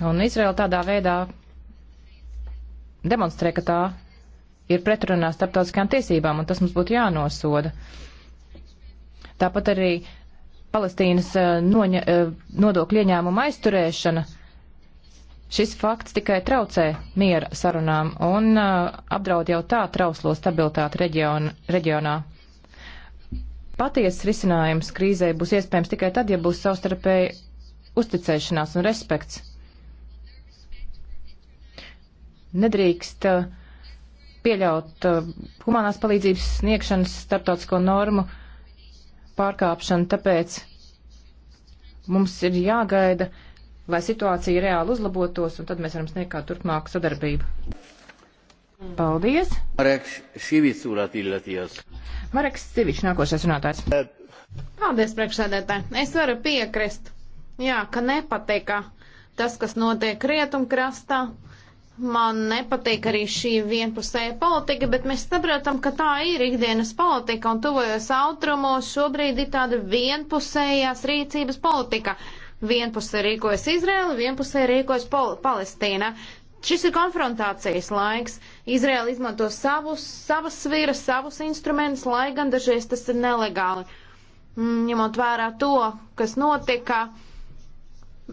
Un Izraela tādā veidā demonstrē, ka tā ir pretrunā starptautiskām tiesībām, un tas mums būtu jānosoda. Tāpat arī Palestīnas noņa, nodokļu ieņēmuma aizturēšana Šis fakts tikai traucē miera sarunām un uh, apdraud jau tā trauslo stabilitāti reģion, reģionā. Patiesas risinājums krīzē būs iespējams tikai tad, ja būs savstarpēji uzticēšanās un respekts. Nedrīkst uh, pieļaut uh, humanās palīdzības sniegšanas starptautisko normu pārkāpšanu, tāpēc mums ir jāgaida uh, lai situācija reāli uzlabotos, un tad mēs varam sniegt kā turpmāku sadarbību. Mm. Paldies! Mareks Sivics urat illatījās. Mareks Sivics, nākošais runātājs. Paldies, priekšsēdētāji. Es varu piekrist. Jā, ka nepatika tas, kas notiek rietumkrastā. Man nepatīk arī šī vienpusēja politika, bet mēs saprotam, ka tā ir ikdienas politika, un tuvojos autrumos šobrīd ir tāda vienpusējās rīcības politika. Uh, Vienpusē rīkojas Izraela, vienpusē rīkojas Pol Palestīna. Šis ir konfrontācijas laiks. Izraela izmanto savus, savas sviras, savus instrumentus, lai gan dažreiz tas ir nelegāli. Mm, ņemot vērā to, kas notika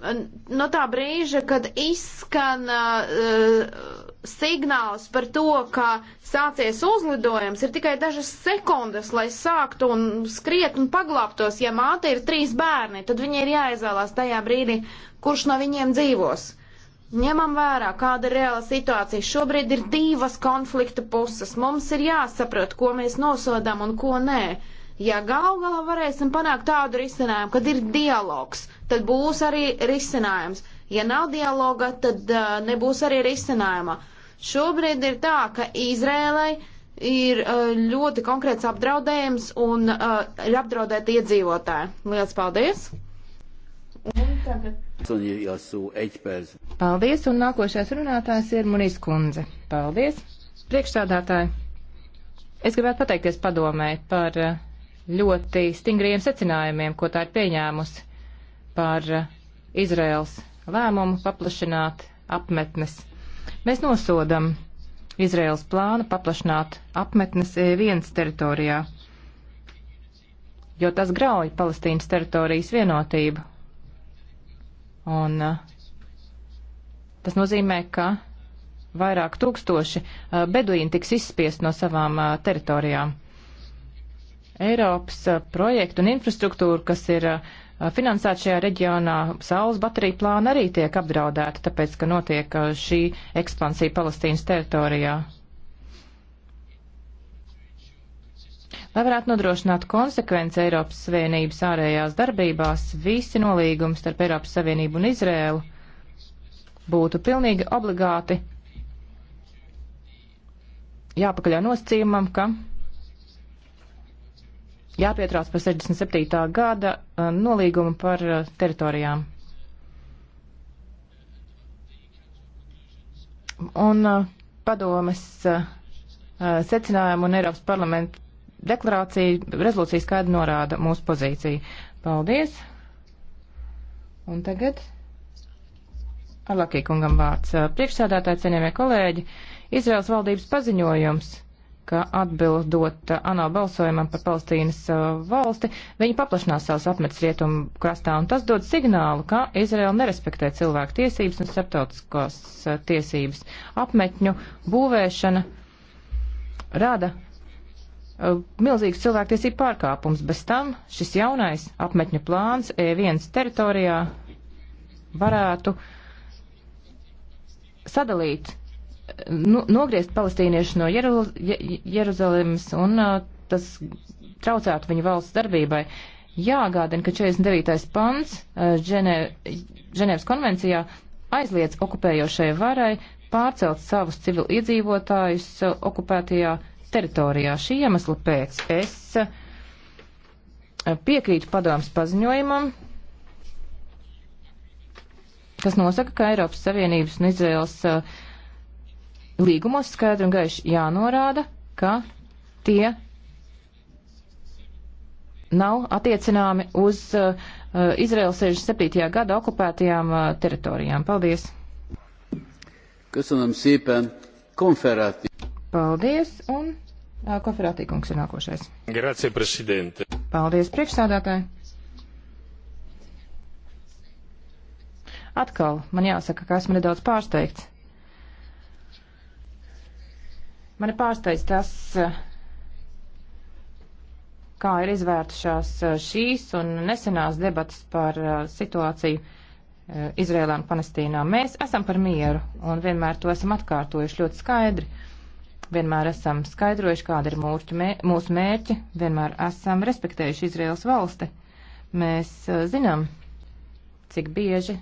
no tā brīža, kad izskan uh, signāls par to, ka sācies uzlidojums, ir tikai dažas sekundes, lai sāktu un skriet un paglāptos. Ja māte ir trīs bērni, tad viņai ir jāizvēlās tajā brīdī, kurš no viņiem dzīvos. Ņemam vērā, kāda ir reāla situācija. Šobrīd ir divas konflikta puses. Mums ir jāsaprot, ko mēs nosodām un ko nē. Ja gal galā varēsim panākt tādu risinājumu, kad ir dialogs, tad būs arī risinājums. Ja nav dialoga, tad uh, nebūs arī risinājuma. Šobrīd ir tā, ka Izrēlai ir uh, ļoti konkrēts apdraudējums un uh, ir apdraudēti iedzīvotāji. Lielas paldies! Un tagad. Paldies, un nākošais runātājs ir Munīs Kundze. Paldies, priekšstādātāji. Es gribētu pateikties padomē par uh, ļoti stingriem secinājumiem, ko tā ir pieņēmusi par uh, Izraels lēmumu paplašināt apmetnes. Mēs nosodam Izraels plānu paplašināt apmetnes E1 teritorijā, jo tas grauj Palestīnas teritorijas vienotību. Un tas nozīmē, ka vairāk tūkstoši beduīni tiks izspiest no savām teritorijām. Eiropas eh, projektu un infrastruktūru, kas ir eh, finansēta šajā reģionā, saules bateriju plāna arī tiek apdraudēta, tāpēc, ka notiek eh, šī ekspansija Palestīnas teritorijā. Lai varētu nodrošināt konsekvenci Eiropas Savienības ārējās darbībās, visi nolīgumi starp Eiropas Savienību un Izrēlu būtu pilnīgi obligāti jāpakaļā nosacījumam, ka jāpietrās par 67. gada uh, nolīgumu par uh, teritorijām. Un uh, padomes secinājumu un Eiropas parlamenta deklarācija, rezolūcija skaidri norāda mūsu pozīciju. Paldies! Un tagad Alakī kungam vārds. Priekšsēdētāji, cienījamie kolēģi, Izraels valdības paziņojums ka atbildot uh, ANO balsojumam par Palestīnas uh, valsti, viņi paplašinās savus apmetus rietumu krastā, un tas dod signālu, ka Izraela nerespektē cilvēku tiesības un starptautiskās uh, tiesības. Apmetņu būvēšana rada milzīgs cilvēktiesību pārkāpums. Bez tam šis jaunais apmetņu plāns E1 teritorijā varētu sadalīt nu, nogriezt palestīniešus no Jeruz Jeruzalemes un uh, tas traucētu viņu valsts darbībai. Jāgādina, ka 49. pants uh, Ženē, Ženēvas konvencijā aizliedz okupējošajai varai pārcelt savus civilu iedzīvotājus uh, okupētajā teritorijā. Šī iemesla pēc es uh, piekrītu padoms paziņojumam, kas nosaka, ka Eiropas Savienības un Izraels uh, līgumos skaidri un gaiši jānorāda, ka tie nav attiecināmi uz uh, Izraels 67. gada okupētajām uh, teritorijām. Paldies! Köszönöm szépen, konferāti. Paldies, un uh, konferāti kungs ir nākošais. Grazie, prezidente. Paldies, priekšsādātāji. Atkal man jāsaka, ka esmu nedaudz pārsteigts Mani pārsteidz tas, kā ir izvērtušās eh, šīs un nesenās debatas par eh, situāciju eh, Izrēlā un Palestīnā. Mēs esam par mieru un vienmēr to esam atkārtojuši ļoti skaidri. Vienmēr esam skaidrojuši, kāda ir mē, mūsu mērķi, vienmēr esam respektējuši Izraels valsti. Mēs zinām, cik bieži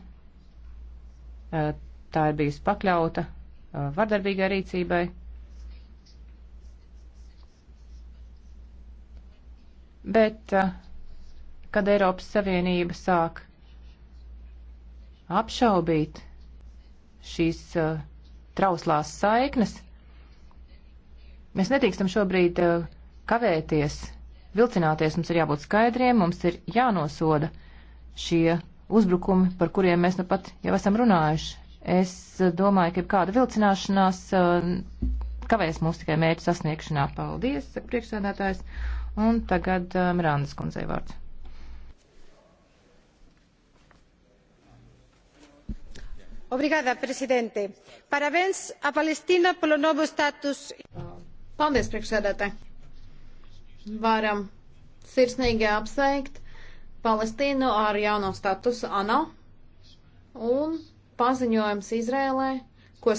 tā ir bijusi pakļauta vardarbīgai rīcībai, Bet, eh, kad Eiropas Savienība sāk apšaubīt šīs uh, trauslās saiknes, mēs nedrīkstam šobrīd uh, kavēties, vilcināties, mums ir jābūt skaidriem, mums ir jānosoda šie uzbrukumi, par kuriem mēs nu pat jau esam runājuši. Es uh, domāju, ka kāda vilcināšanās kavēs mūs tikai mērķu sasniegšanā. Paldies, priekšsēdētājs. Un tagad uh, Mirandas kundzei vārds. Obrigada, prezidente. Parabens a Palestina por lo novo status. Paldies, priekšsēdētāji. Varam sirsnīgi apsveikt Palestīnu ar jauno statusu ANO un paziņojums Izrēlē, ko,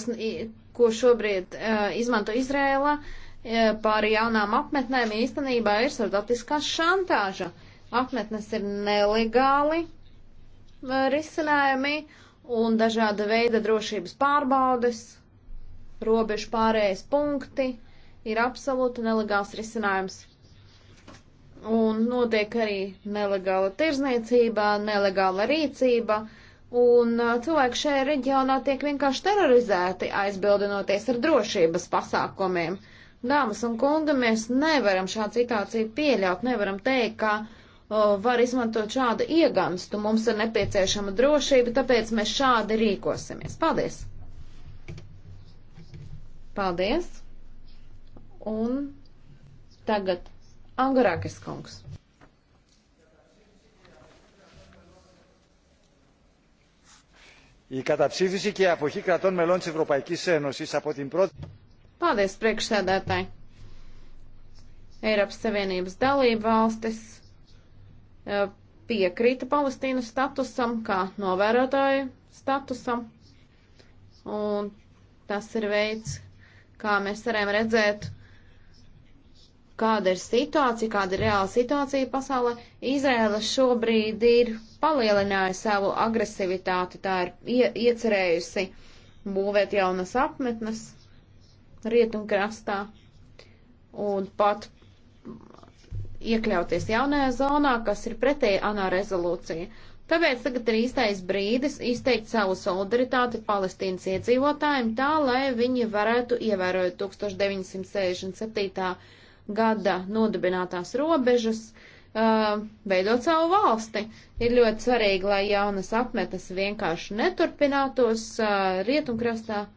ko šobrīd uh, izmanto Izrēla. Uh, E, par jaunām apmetnēm īstenībā ir sardotiskā šantāža. Apmetnes ir nelegāli e, risinājumi un dažāda veida drošības pārbaudes, robežu pārējais punkti ir absolūti nelegāls risinājums. Un notiek arī nelegāla tirzniecība, nelegāla rīcība, un e, cilvēki šajā reģionā tiek vienkārši terorizēti, aizbildinoties ar drošības pasākumiem. Uh, Dāmas un kunga, mēs nevaram šādu situāciju pieļaut, nevaram teikt, ka o, var izmantot šādu ieganstu. Mums ir nepieciešama drošība, tāpēc mēs šādi rīkosimies. Paldies! Paldies! Un tagad Angarākis kungs. η καταψήφιση και η αποχή κρατών μελών της Ευρωπαϊκής Ένωσης από την πρώτη Paldies, priekšsēdētāji! Eiropas Savienības dalība valstis piekrīta Palestīnas statusam, kā novērotāju statusam, un tas ir veids, kā mēs varējām redzēt, kāda ir situācija, kāda ir reāla situācija pasaulē. Izrēla šobrīd ir palielinājusi savu agresivitāti, tā ir ie, iecerējusi būvēt jaunas apmetnes rietumkrastā un pat iekļauties jaunajā zonā, kas ir pretēji ANO rezolūcija. Tāpēc tagad ir īstais brīdis izteikt savu solidaritāti Palestīnas iedzīvotājiem tā, lai viņi varētu ievērot 1967. gada nodibinātās robežas, uh, veidot savu valsti. Ir ļoti svarīgi, lai jaunas apmetas vienkārši neturpinātos uh, rietumkrastā. Uh,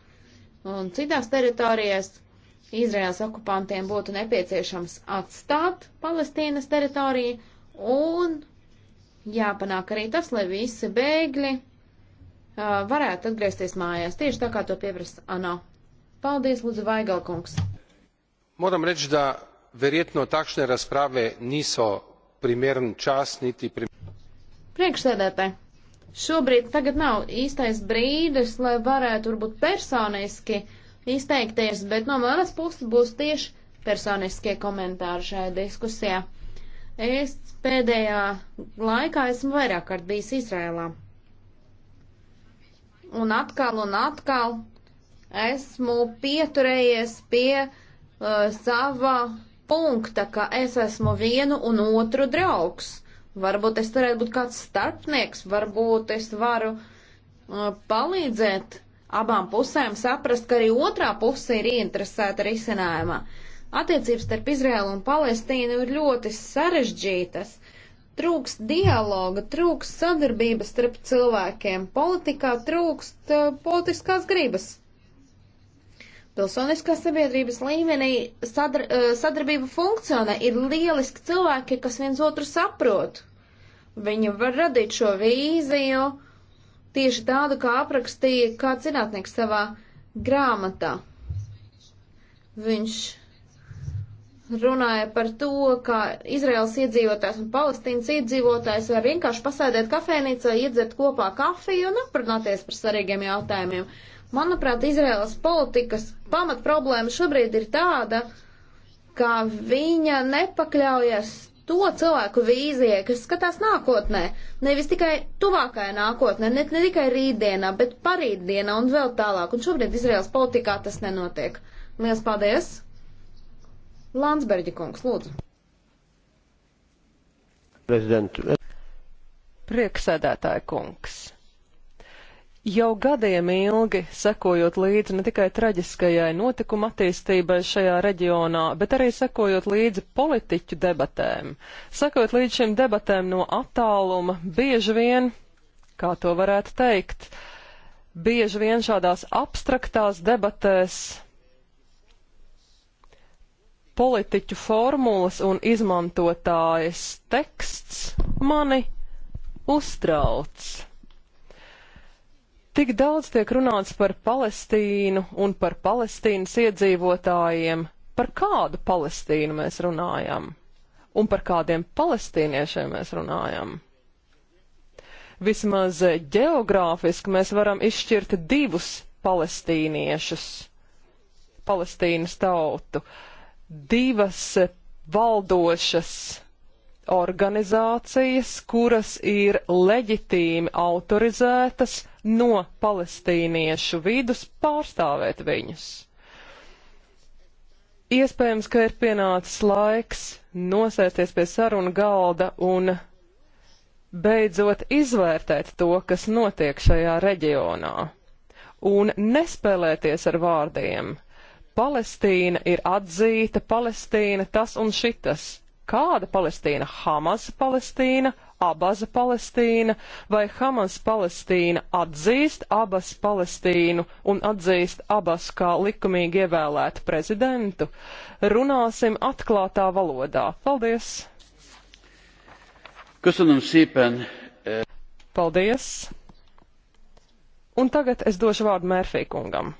un citās teritorijās Izraels okupantiem būtu nepieciešams atstāt Palestīnas teritoriju un jāpanāk arī tas, lai visi bēgļi uh, varētu atgriezties mājās, tieši tā kā to pieprasa ANO. Paldies, Lūdzu, Vaigalkungs. Moram reći da verjetno takšne rasprave niso primjeren čas niti primjeren. Priekšsēdētāji, Šobrīd tagad nav īstais brīdis, lai varētu varbūt personiski izteikties, bet no manas puses būs tieši personiskie komentāri šajā diskusijā. Es pēdējā laikā esmu vairāk kārt bijis Izrēlā. Un atkal un atkal esmu pieturējies pie uh, sava punkta, ka es esmu vienu un otru draugs. Varbūt es varētu būt kāds starpnieks, varbūt es varu uh, palīdzēt abām pusēm saprast, ka arī otrā puse ir ieinteresēta risinājumā. Attiecības starp Izraēlu un Palestīnu ir ļoti sarežģītas. Trūks dialoga, trūks sadarbības starp cilvēkiem, politikā trūks uh, politiskās gribas. Pilsoniskās sabiedrības līmenī sadar, eh, sadarbība funkcionē, ir lieliski cilvēki, kas viens otru saprot. Viņi var radīt šo vīziju tieši tādu, kā aprakstīja kāds zinātnieks savā grāmatā. Viņš runāja par to, ka Izraels iedzīvotājs un Palestīnas iedzīvotājs var vienkārši pasēdēt kafēnīcā, iedzert kopā kafiju un aprunāties par svarīgiem jautājumiem. Uh, Manuprāt, Izraēlas politikas pamat problēma šobrīd ir tāda, ka viņa nepakļaujas to cilvēku vīzijai, kas skatās nākotnē, nevis tikai tuvākajā nākotnē, ne, ne tikai rītdienā, bet parītdienā un vēl tālāk. Un šobrīd Izraels politikā tas nenotiek. Lielas paldies! Landsbergi kungs, lūdzu. Prezidentu. Prieksēdētāja kungs. Jau gadiem ilgi sekojot līdzi ne tikai traģiskajai notikuma attīstībai šajā reģionā, bet arī sekojot līdzi politiķu debatēm. Sekojot līdz šīm debatēm no attāluma, bieži vien, kā to varētu teikt, bieži vien šādās abstraktās debatēs politiķu formulas un izmantotājas teksts mani uztrauc. Tik daudz tiek runāts par Palestīnu un par Palestīnas iedzīvotājiem. Par kādu Palestīnu mēs runājam? Un par kādiem palestīniešiem mēs runājam? Vismaz geogrāfiski mēs varam izšķirt divus palestīniešus, Palestīnas tautu, divas valdošas organizācijas, kuras ir leģitīmi autorizētas no palestīniešu vidus pārstāvēt viņus. Iespējams, ka ir pienācis laiks nosēsties pie sarunu galda un beidzot izvērtēt to, kas notiek šajā reģionā, un nespēlēties ar vārdiem. Palestīna ir atzīta, Palestīna tas un šitas. Kāda Palestīna? Hamas Palestīna, Abaza Palestīna, vai Hamas Palestīna atzīst abas Palestīnu un atzīst abas kā likumīgi ievēlētu prezidentu? Runāsim atklātā valodā. Paldies! Köszönöm szépen! Paldies! Un tagad es došu vārdu Mērfī kungam.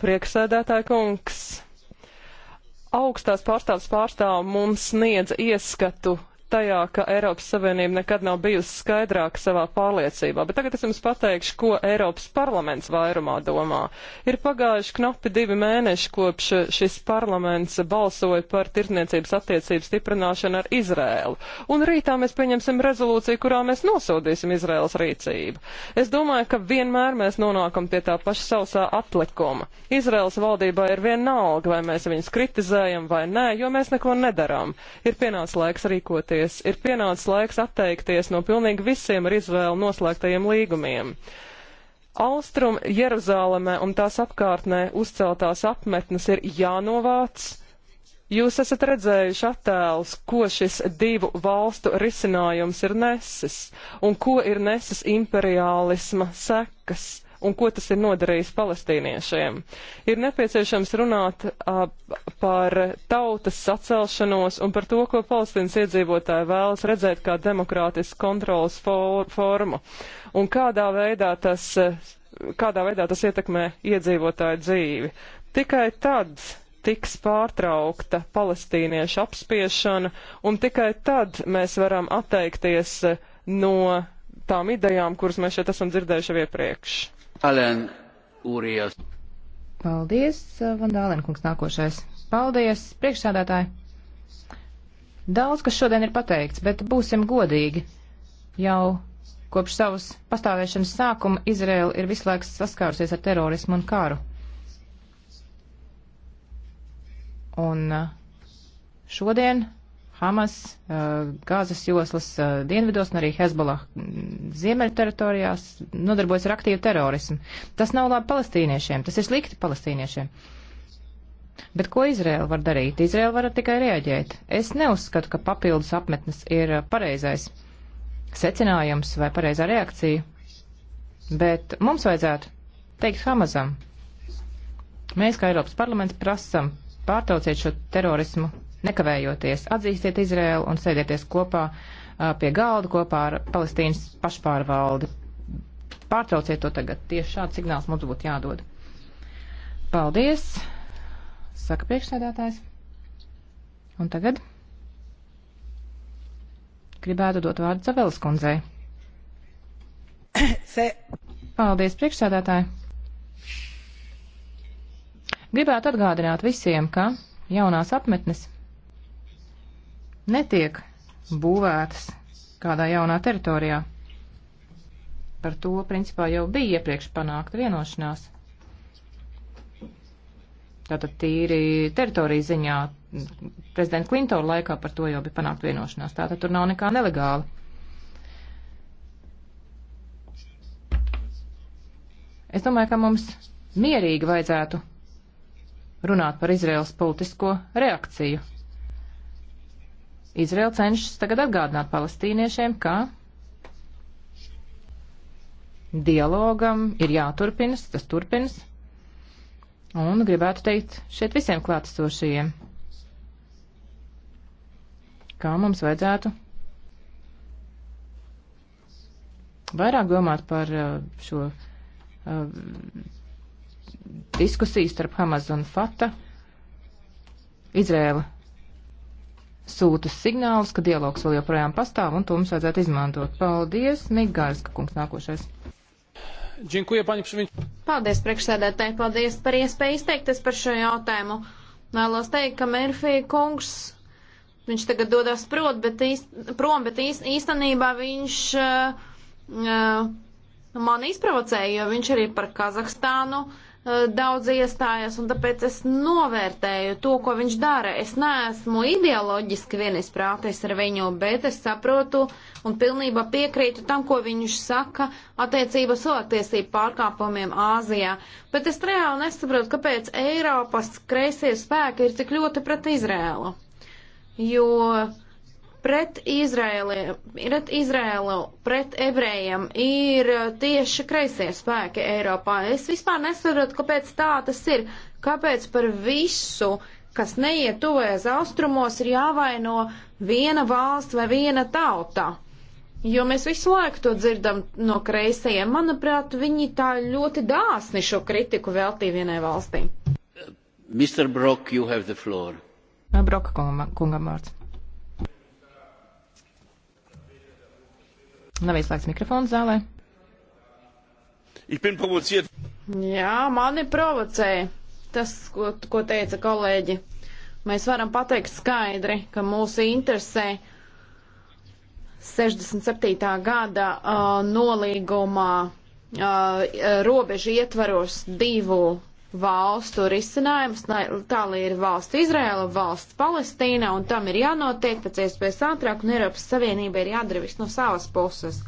Prieksēdētāja kungs! augstās pārstāvs pārstāv mums sniedz ieskatu tajā, ka Eiropas Savienība nekad nav bijusi skaidrāka savā pārliecībā, bet tagad es jums pateikšu, ko Eiropas parlaments vairumā domā. Ir pagājuši knapi divi mēneši, kopš šis parlaments balsoja par tirdzniecības attiecību stiprināšanu ar Izrēlu, un rītā mēs pieņemsim rezolūciju, kurā mēs nosodīsim Izrēlas rīcību. Es domāju, ka vienmēr mēs nonākam pie tā paša sausā atlikuma. Izraels valdībā ir vienalga, vai mēs viņus kritizējam vai nē, jo mēs neko nedarām. Ir pienācis laiks rīkoties beigusies, ir pienācis laiks atteikties no pilnīgi visiem ar Izraēlu noslēgtajiem līgumiem. Austrum Jeruzālēmē un tās apkārtnē uzceltās apmetnes ir jānovāc. Jūs esat redzējuši attēlus, ko šis divu valstu risinājums ir nesis un ko ir nesis imperiālisma sekas un ko tas ir nodarījis palestīniešiem. Ir nepieciešams runāt a, par tautas sacelšanos un par to, ko palestīnas iedzīvotāji vēlas redzēt kā demokrātisku kontrolas for formu un kādā veidā tas, kādā veidā tas ietekmē iedzīvotāju dzīvi. Tikai tad tiks pārtraukta palestīniešu apspiešana, un tikai tad mēs varam atteikties no tām idejām, kuras mēs šeit esam dzirdējuši iepriekš. Alen Ūrijas. Paldies, uh, Vandālenkungs, nākošais. Paldies, priekšsādātāji. Daudz, kas šodien ir pateikts, bet būsim godīgi. Jau kopš savas pastāvēšanas sākuma Izraela ir visu laiku saskārusies ar terorismu un kāru. Un uh, šodien Hamas, Gāzes joslas dienvidos un arī Hezbollah ziemeļu teritorijās nodarbojas ar aktīvu terorismu. Tas nav labi palestīniešiem, tas ir slikti palestīniešiem. Bet ko Izraela var darīt? Izraela var tikai reaģēt. Es neuzskatu, ka papildus apmetnes ir pareizais secinājums vai pareizā reakcija. Bet mums vajadzētu teikt Hamazam. Mēs, kā Eiropas parlaments, prasam pārtrauciet šo terorismu nekavējoties. Atzīstiet Izraēlu un sēdieties kopā pie galda kopā ar Palestīnas pašpārvaldi. Pārtrauciet to tagad. Tieši šāds signāls mums būtu jādod. Paldies, saka priekšsēdētājs. Un tagad gribētu dot vārdu Zavēlas kundzei. Paldies, priekšsēdētāji! Gribētu atgādināt visiem, ka jaunās apmetnes netiek būvētas kādā jaunā teritorijā. Par to, principā, jau bija iepriekš panākta vienošanās. Tātad tīri teritorija ziņā prezidenta Klintona laikā par to jau bija panākta vienošanās. Tātad tur nav nekā nelegāla. Es domāju, ka mums mierīgi vajadzētu runāt par Izraels politisko reakciju Izraela cenšas tagad atgādināt palestīniešiem, ka dialogam ir jāturpinas, tas turpinas. Un gribētu teikt šeit visiem klātesošajiem, kā mums vajadzētu vairāk domāt par uh, šo uh, diskusiju starp Hamas un Fata. Izrēla sūta signāls, ka dialogs vēl joprojām pastāv un to mums vajadzētu izmantot. Paldies, Migārska kungs nākošais. Džinkuja, paņi, paldies, priekšsēdētāji, paldies par iespēju izteikties par šo jautājumu. Vēlos teikt, ka Mērfija kungs, viņš tagad dodas prot, bet īst, prom, bet īst, īstenībā viņš uh, uh, man izprovocēja, jo viņš arī par Kazahstānu uh, Eh, daudz iestājās, un tāpēc es novērtēju to, ko viņš dara. Es neesmu ideoloģiski vienisprātis ar viņu, bet es saprotu un pilnībā piekrītu tam, ko viņš saka attiecībā cilvēktiesību pārkāpumiem Āzijā. Bet es reāli nesaprotu, kāpēc Eiropas kreisie spēki ir tik ļoti pret Izrēlu. Jo uh, pret Izraēlu, pret, Izraēlu, pret ebrejiem ir uh, tieši kreisie spēki Eiropā. Es vispār nesaprotu, kāpēc tā tas ir. Kāpēc par visu, kas neiet tuvēs austrumos, ir jāvaino viena valsts vai viena tauta? Jo mēs visu laiku to dzirdam no kreisajiem. Manuprāt, viņi tā ļoti dāsni šo kritiku veltīja vienai valstī. Mr. Brock, you have the floor. Broka kungam vārds. Nav ieslēgts mikrofons zālē. Jā, mani provocēja tas, ko, ko teica kolēģi. Mēs varam pateikt skaidri, ka mūsu interesē 67. gada uh, nolīgumā uh, robežu ietvaros divu valstu risinājums, tā lai ir valsts Izraela, valsts Palestīna, un tam ir jānotiek pēc iespējas ātrāk, un Eiropas Savienība ir jādara viss no savas puses.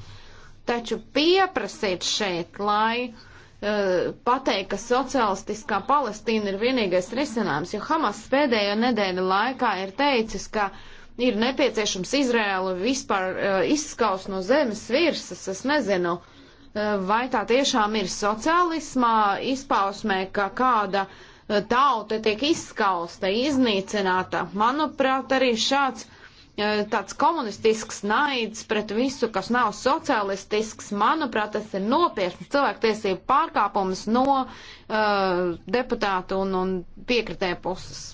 Taču pieprasīt šeit, lai uh, pateikt, ka socialistiskā Palestīna ir vienīgais risinājums, jo Hamas pēdējo nedēļu laikā ir teicis, ka ir nepieciešams Izraelu vispār uh, izskaust no zemes virsas, es nezinu, uh, vai tā tiešām ir sociālismā izpausmē, ka kāda eh, tauta tiek izskausta, iznīcināta. Manuprāt, arī šāds eh, tāds komunistisks naids pret visu, kas nav sociālistisks, manuprāt, tas ir nopietns cilvēktiesību pārkāpums no uh, deputātu un, un piekritē puses.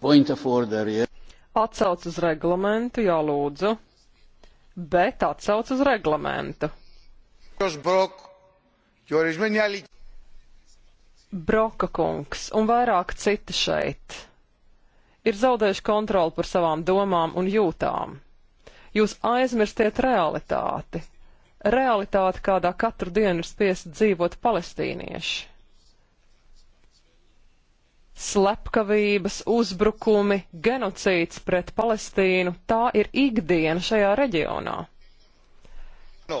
Point of order, yes. Atsauc uz reglamentu, jā, lūdzu, bet atsauc uz reglamentu. Broka kungs un vairāk citi šeit ir zaudējuši kontroli par savām domām un jūtām. Jūs aizmirstiet realitāti, realitāti, kādā katru dienu ir spiest dzīvot palestīnieši slepkavības, uzbrukumi, genocīds pret Palestīnu. Tā ir ikdiena šajā reģionā. No.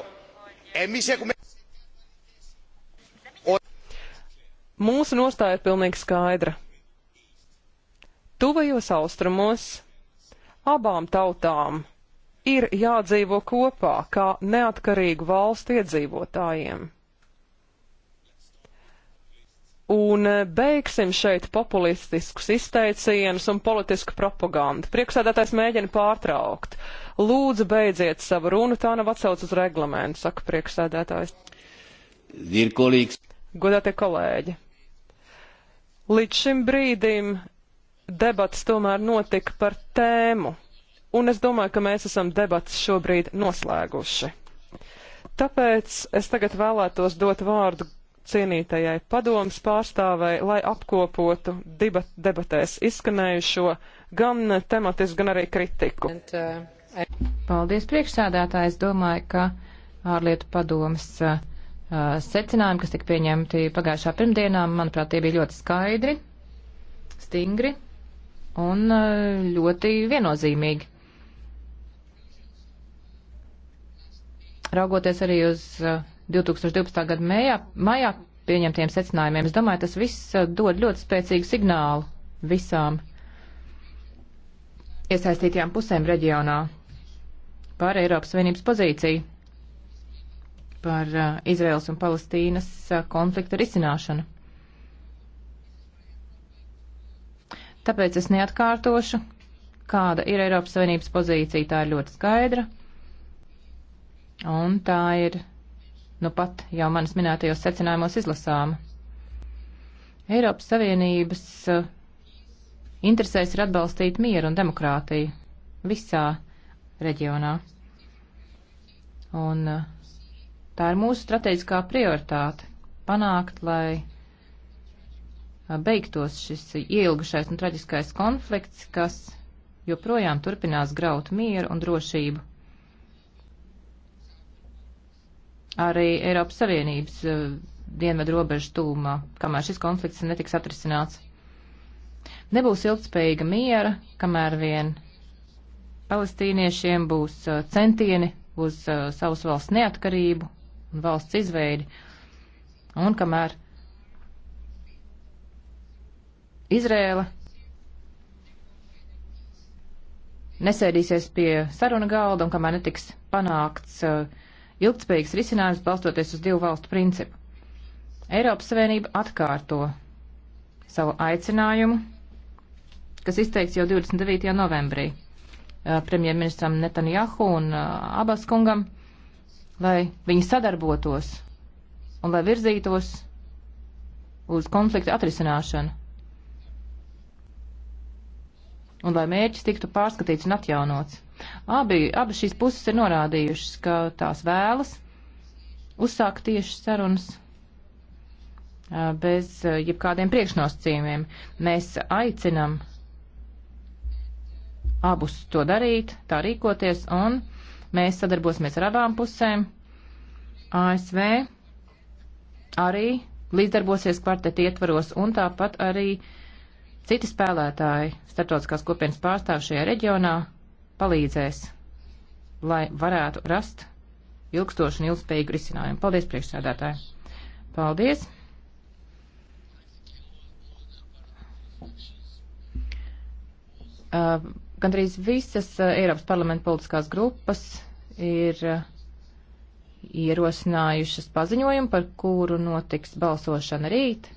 Mūsu nostāja ir pilnīgi skaidra. Tuvajos austrumos abām tautām ir jādzīvo kopā kā neatkarīgu valstu iedzīvotājiem. Un eh, beigsim šeit populistiskus izteicienus un politisku propagandu. Priekšsēdētājs mēģina pārtraukt. Lūdzu, beidziet savu runu, tā nav atsauc uz reglamentu, saka priekšsēdētājs. Dirkolīgs. Godātie kolēģi. Līdz šim brīdim debats tomēr notika par tēmu un es domāju, ka mēs esam debats šobrīd noslēguši. Tāpēc es tagad vēlētos dot vārdu cienītajai padomas pārstāvei, lai apkopotu debat debatēs izskanējušo gan tematisku, gan arī kritiku. Uh, Paldies priekšsādātāji. Es domāju, ka ārlietu padomas uh, uh, secinājumi, kas tika pieņemti pagājušā pirmdienā, manuprāt, tie bija ļoti skaidri, stingri un uh, ļoti viennozīmīgi. Raugoties arī uz uh, 2012. gada mējā, maijā pieņemtiem secinājumiem. Es domāju, tas viss uh, dod ļoti spēcīgu signālu visām iesaistītajām pusēm reģionā par Eiropas Savienības pozīciju, par uh, Izraels un Palestīnas uh, konflikta risināšanu. Tāpēc es neatkārtošu, kāda ir Eiropas Savienības pozīcija. Tā ir ļoti skaidra, un tā ir nu pat jau manis minētajos secinājumos izlasām. Eiropas Savienības eh, interesēs ir atbalstīt mieru un demokrātiju visā reģionā. Un eh, tā ir mūsu strateģiskā prioritāte - panākt, lai eh, beigtos šis ilgušais un traģiskais konflikts, kas joprojām turpinās graut mieru un drošību arī Eiropas Savienības eh, dienvedu robežu tūmā, kamēr šis konflikts netiks atrisināts. Nebūs ilgspējīga miera, kamēr vien palestīniešiem būs eh, centieni uz eh, savas valsts neatkarību un valsts izveidi, un kamēr Izrēla nesēdīsies pie saruna galda un kamēr netiks panākts uh, ilgtspējīgs risinājums balstoties uz divu valstu principu. Eiropas Savienība atkārto savu aicinājumu, kas izteikts jau 29. novembrī premjerministram Netanjahu un Abas kungam, lai viņi sadarbotos un lai virzītos uz konflikta atrisināšanu. Un lai mērķis tiktu pārskatīts un atjaunots. Abi, abi šīs puses ir norādījušas, ka tās vēlas uzsākt tieši sarunas bez jebkādiem priekšnosacījumiem. Mēs aicinam abus to darīt, tā rīkoties, un mēs sadarbosimies ar abām pusēm. ASV arī līdzdarbosies kvartet ietvaros, un tāpat arī citi spēlētāji, starptautiskās kopienas pārstāv šajā reģionā, palīdzēs, lai varētu rast ilgstošu un ilgspējīgu risinājumu. Paldies, priekšsēdētāji! Paldies! Uh, gandrīz visas uh, Eiropas parlamenta politiskās grupas ir uh, ierosinājušas paziņojumu, par kuru notiks balsošana rīt.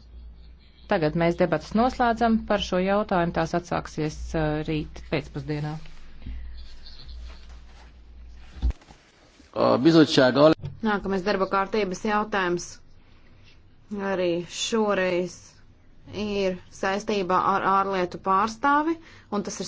Tagad mēs debatas noslēdzam par šo jautājumu, tās atsāksies uh, rīt pēcpusdienā. a bizottság alá... Nākamais darba kārtības jautājums arī šoreiz ir saistībā ar ārlietu pārstāvi, un tas ir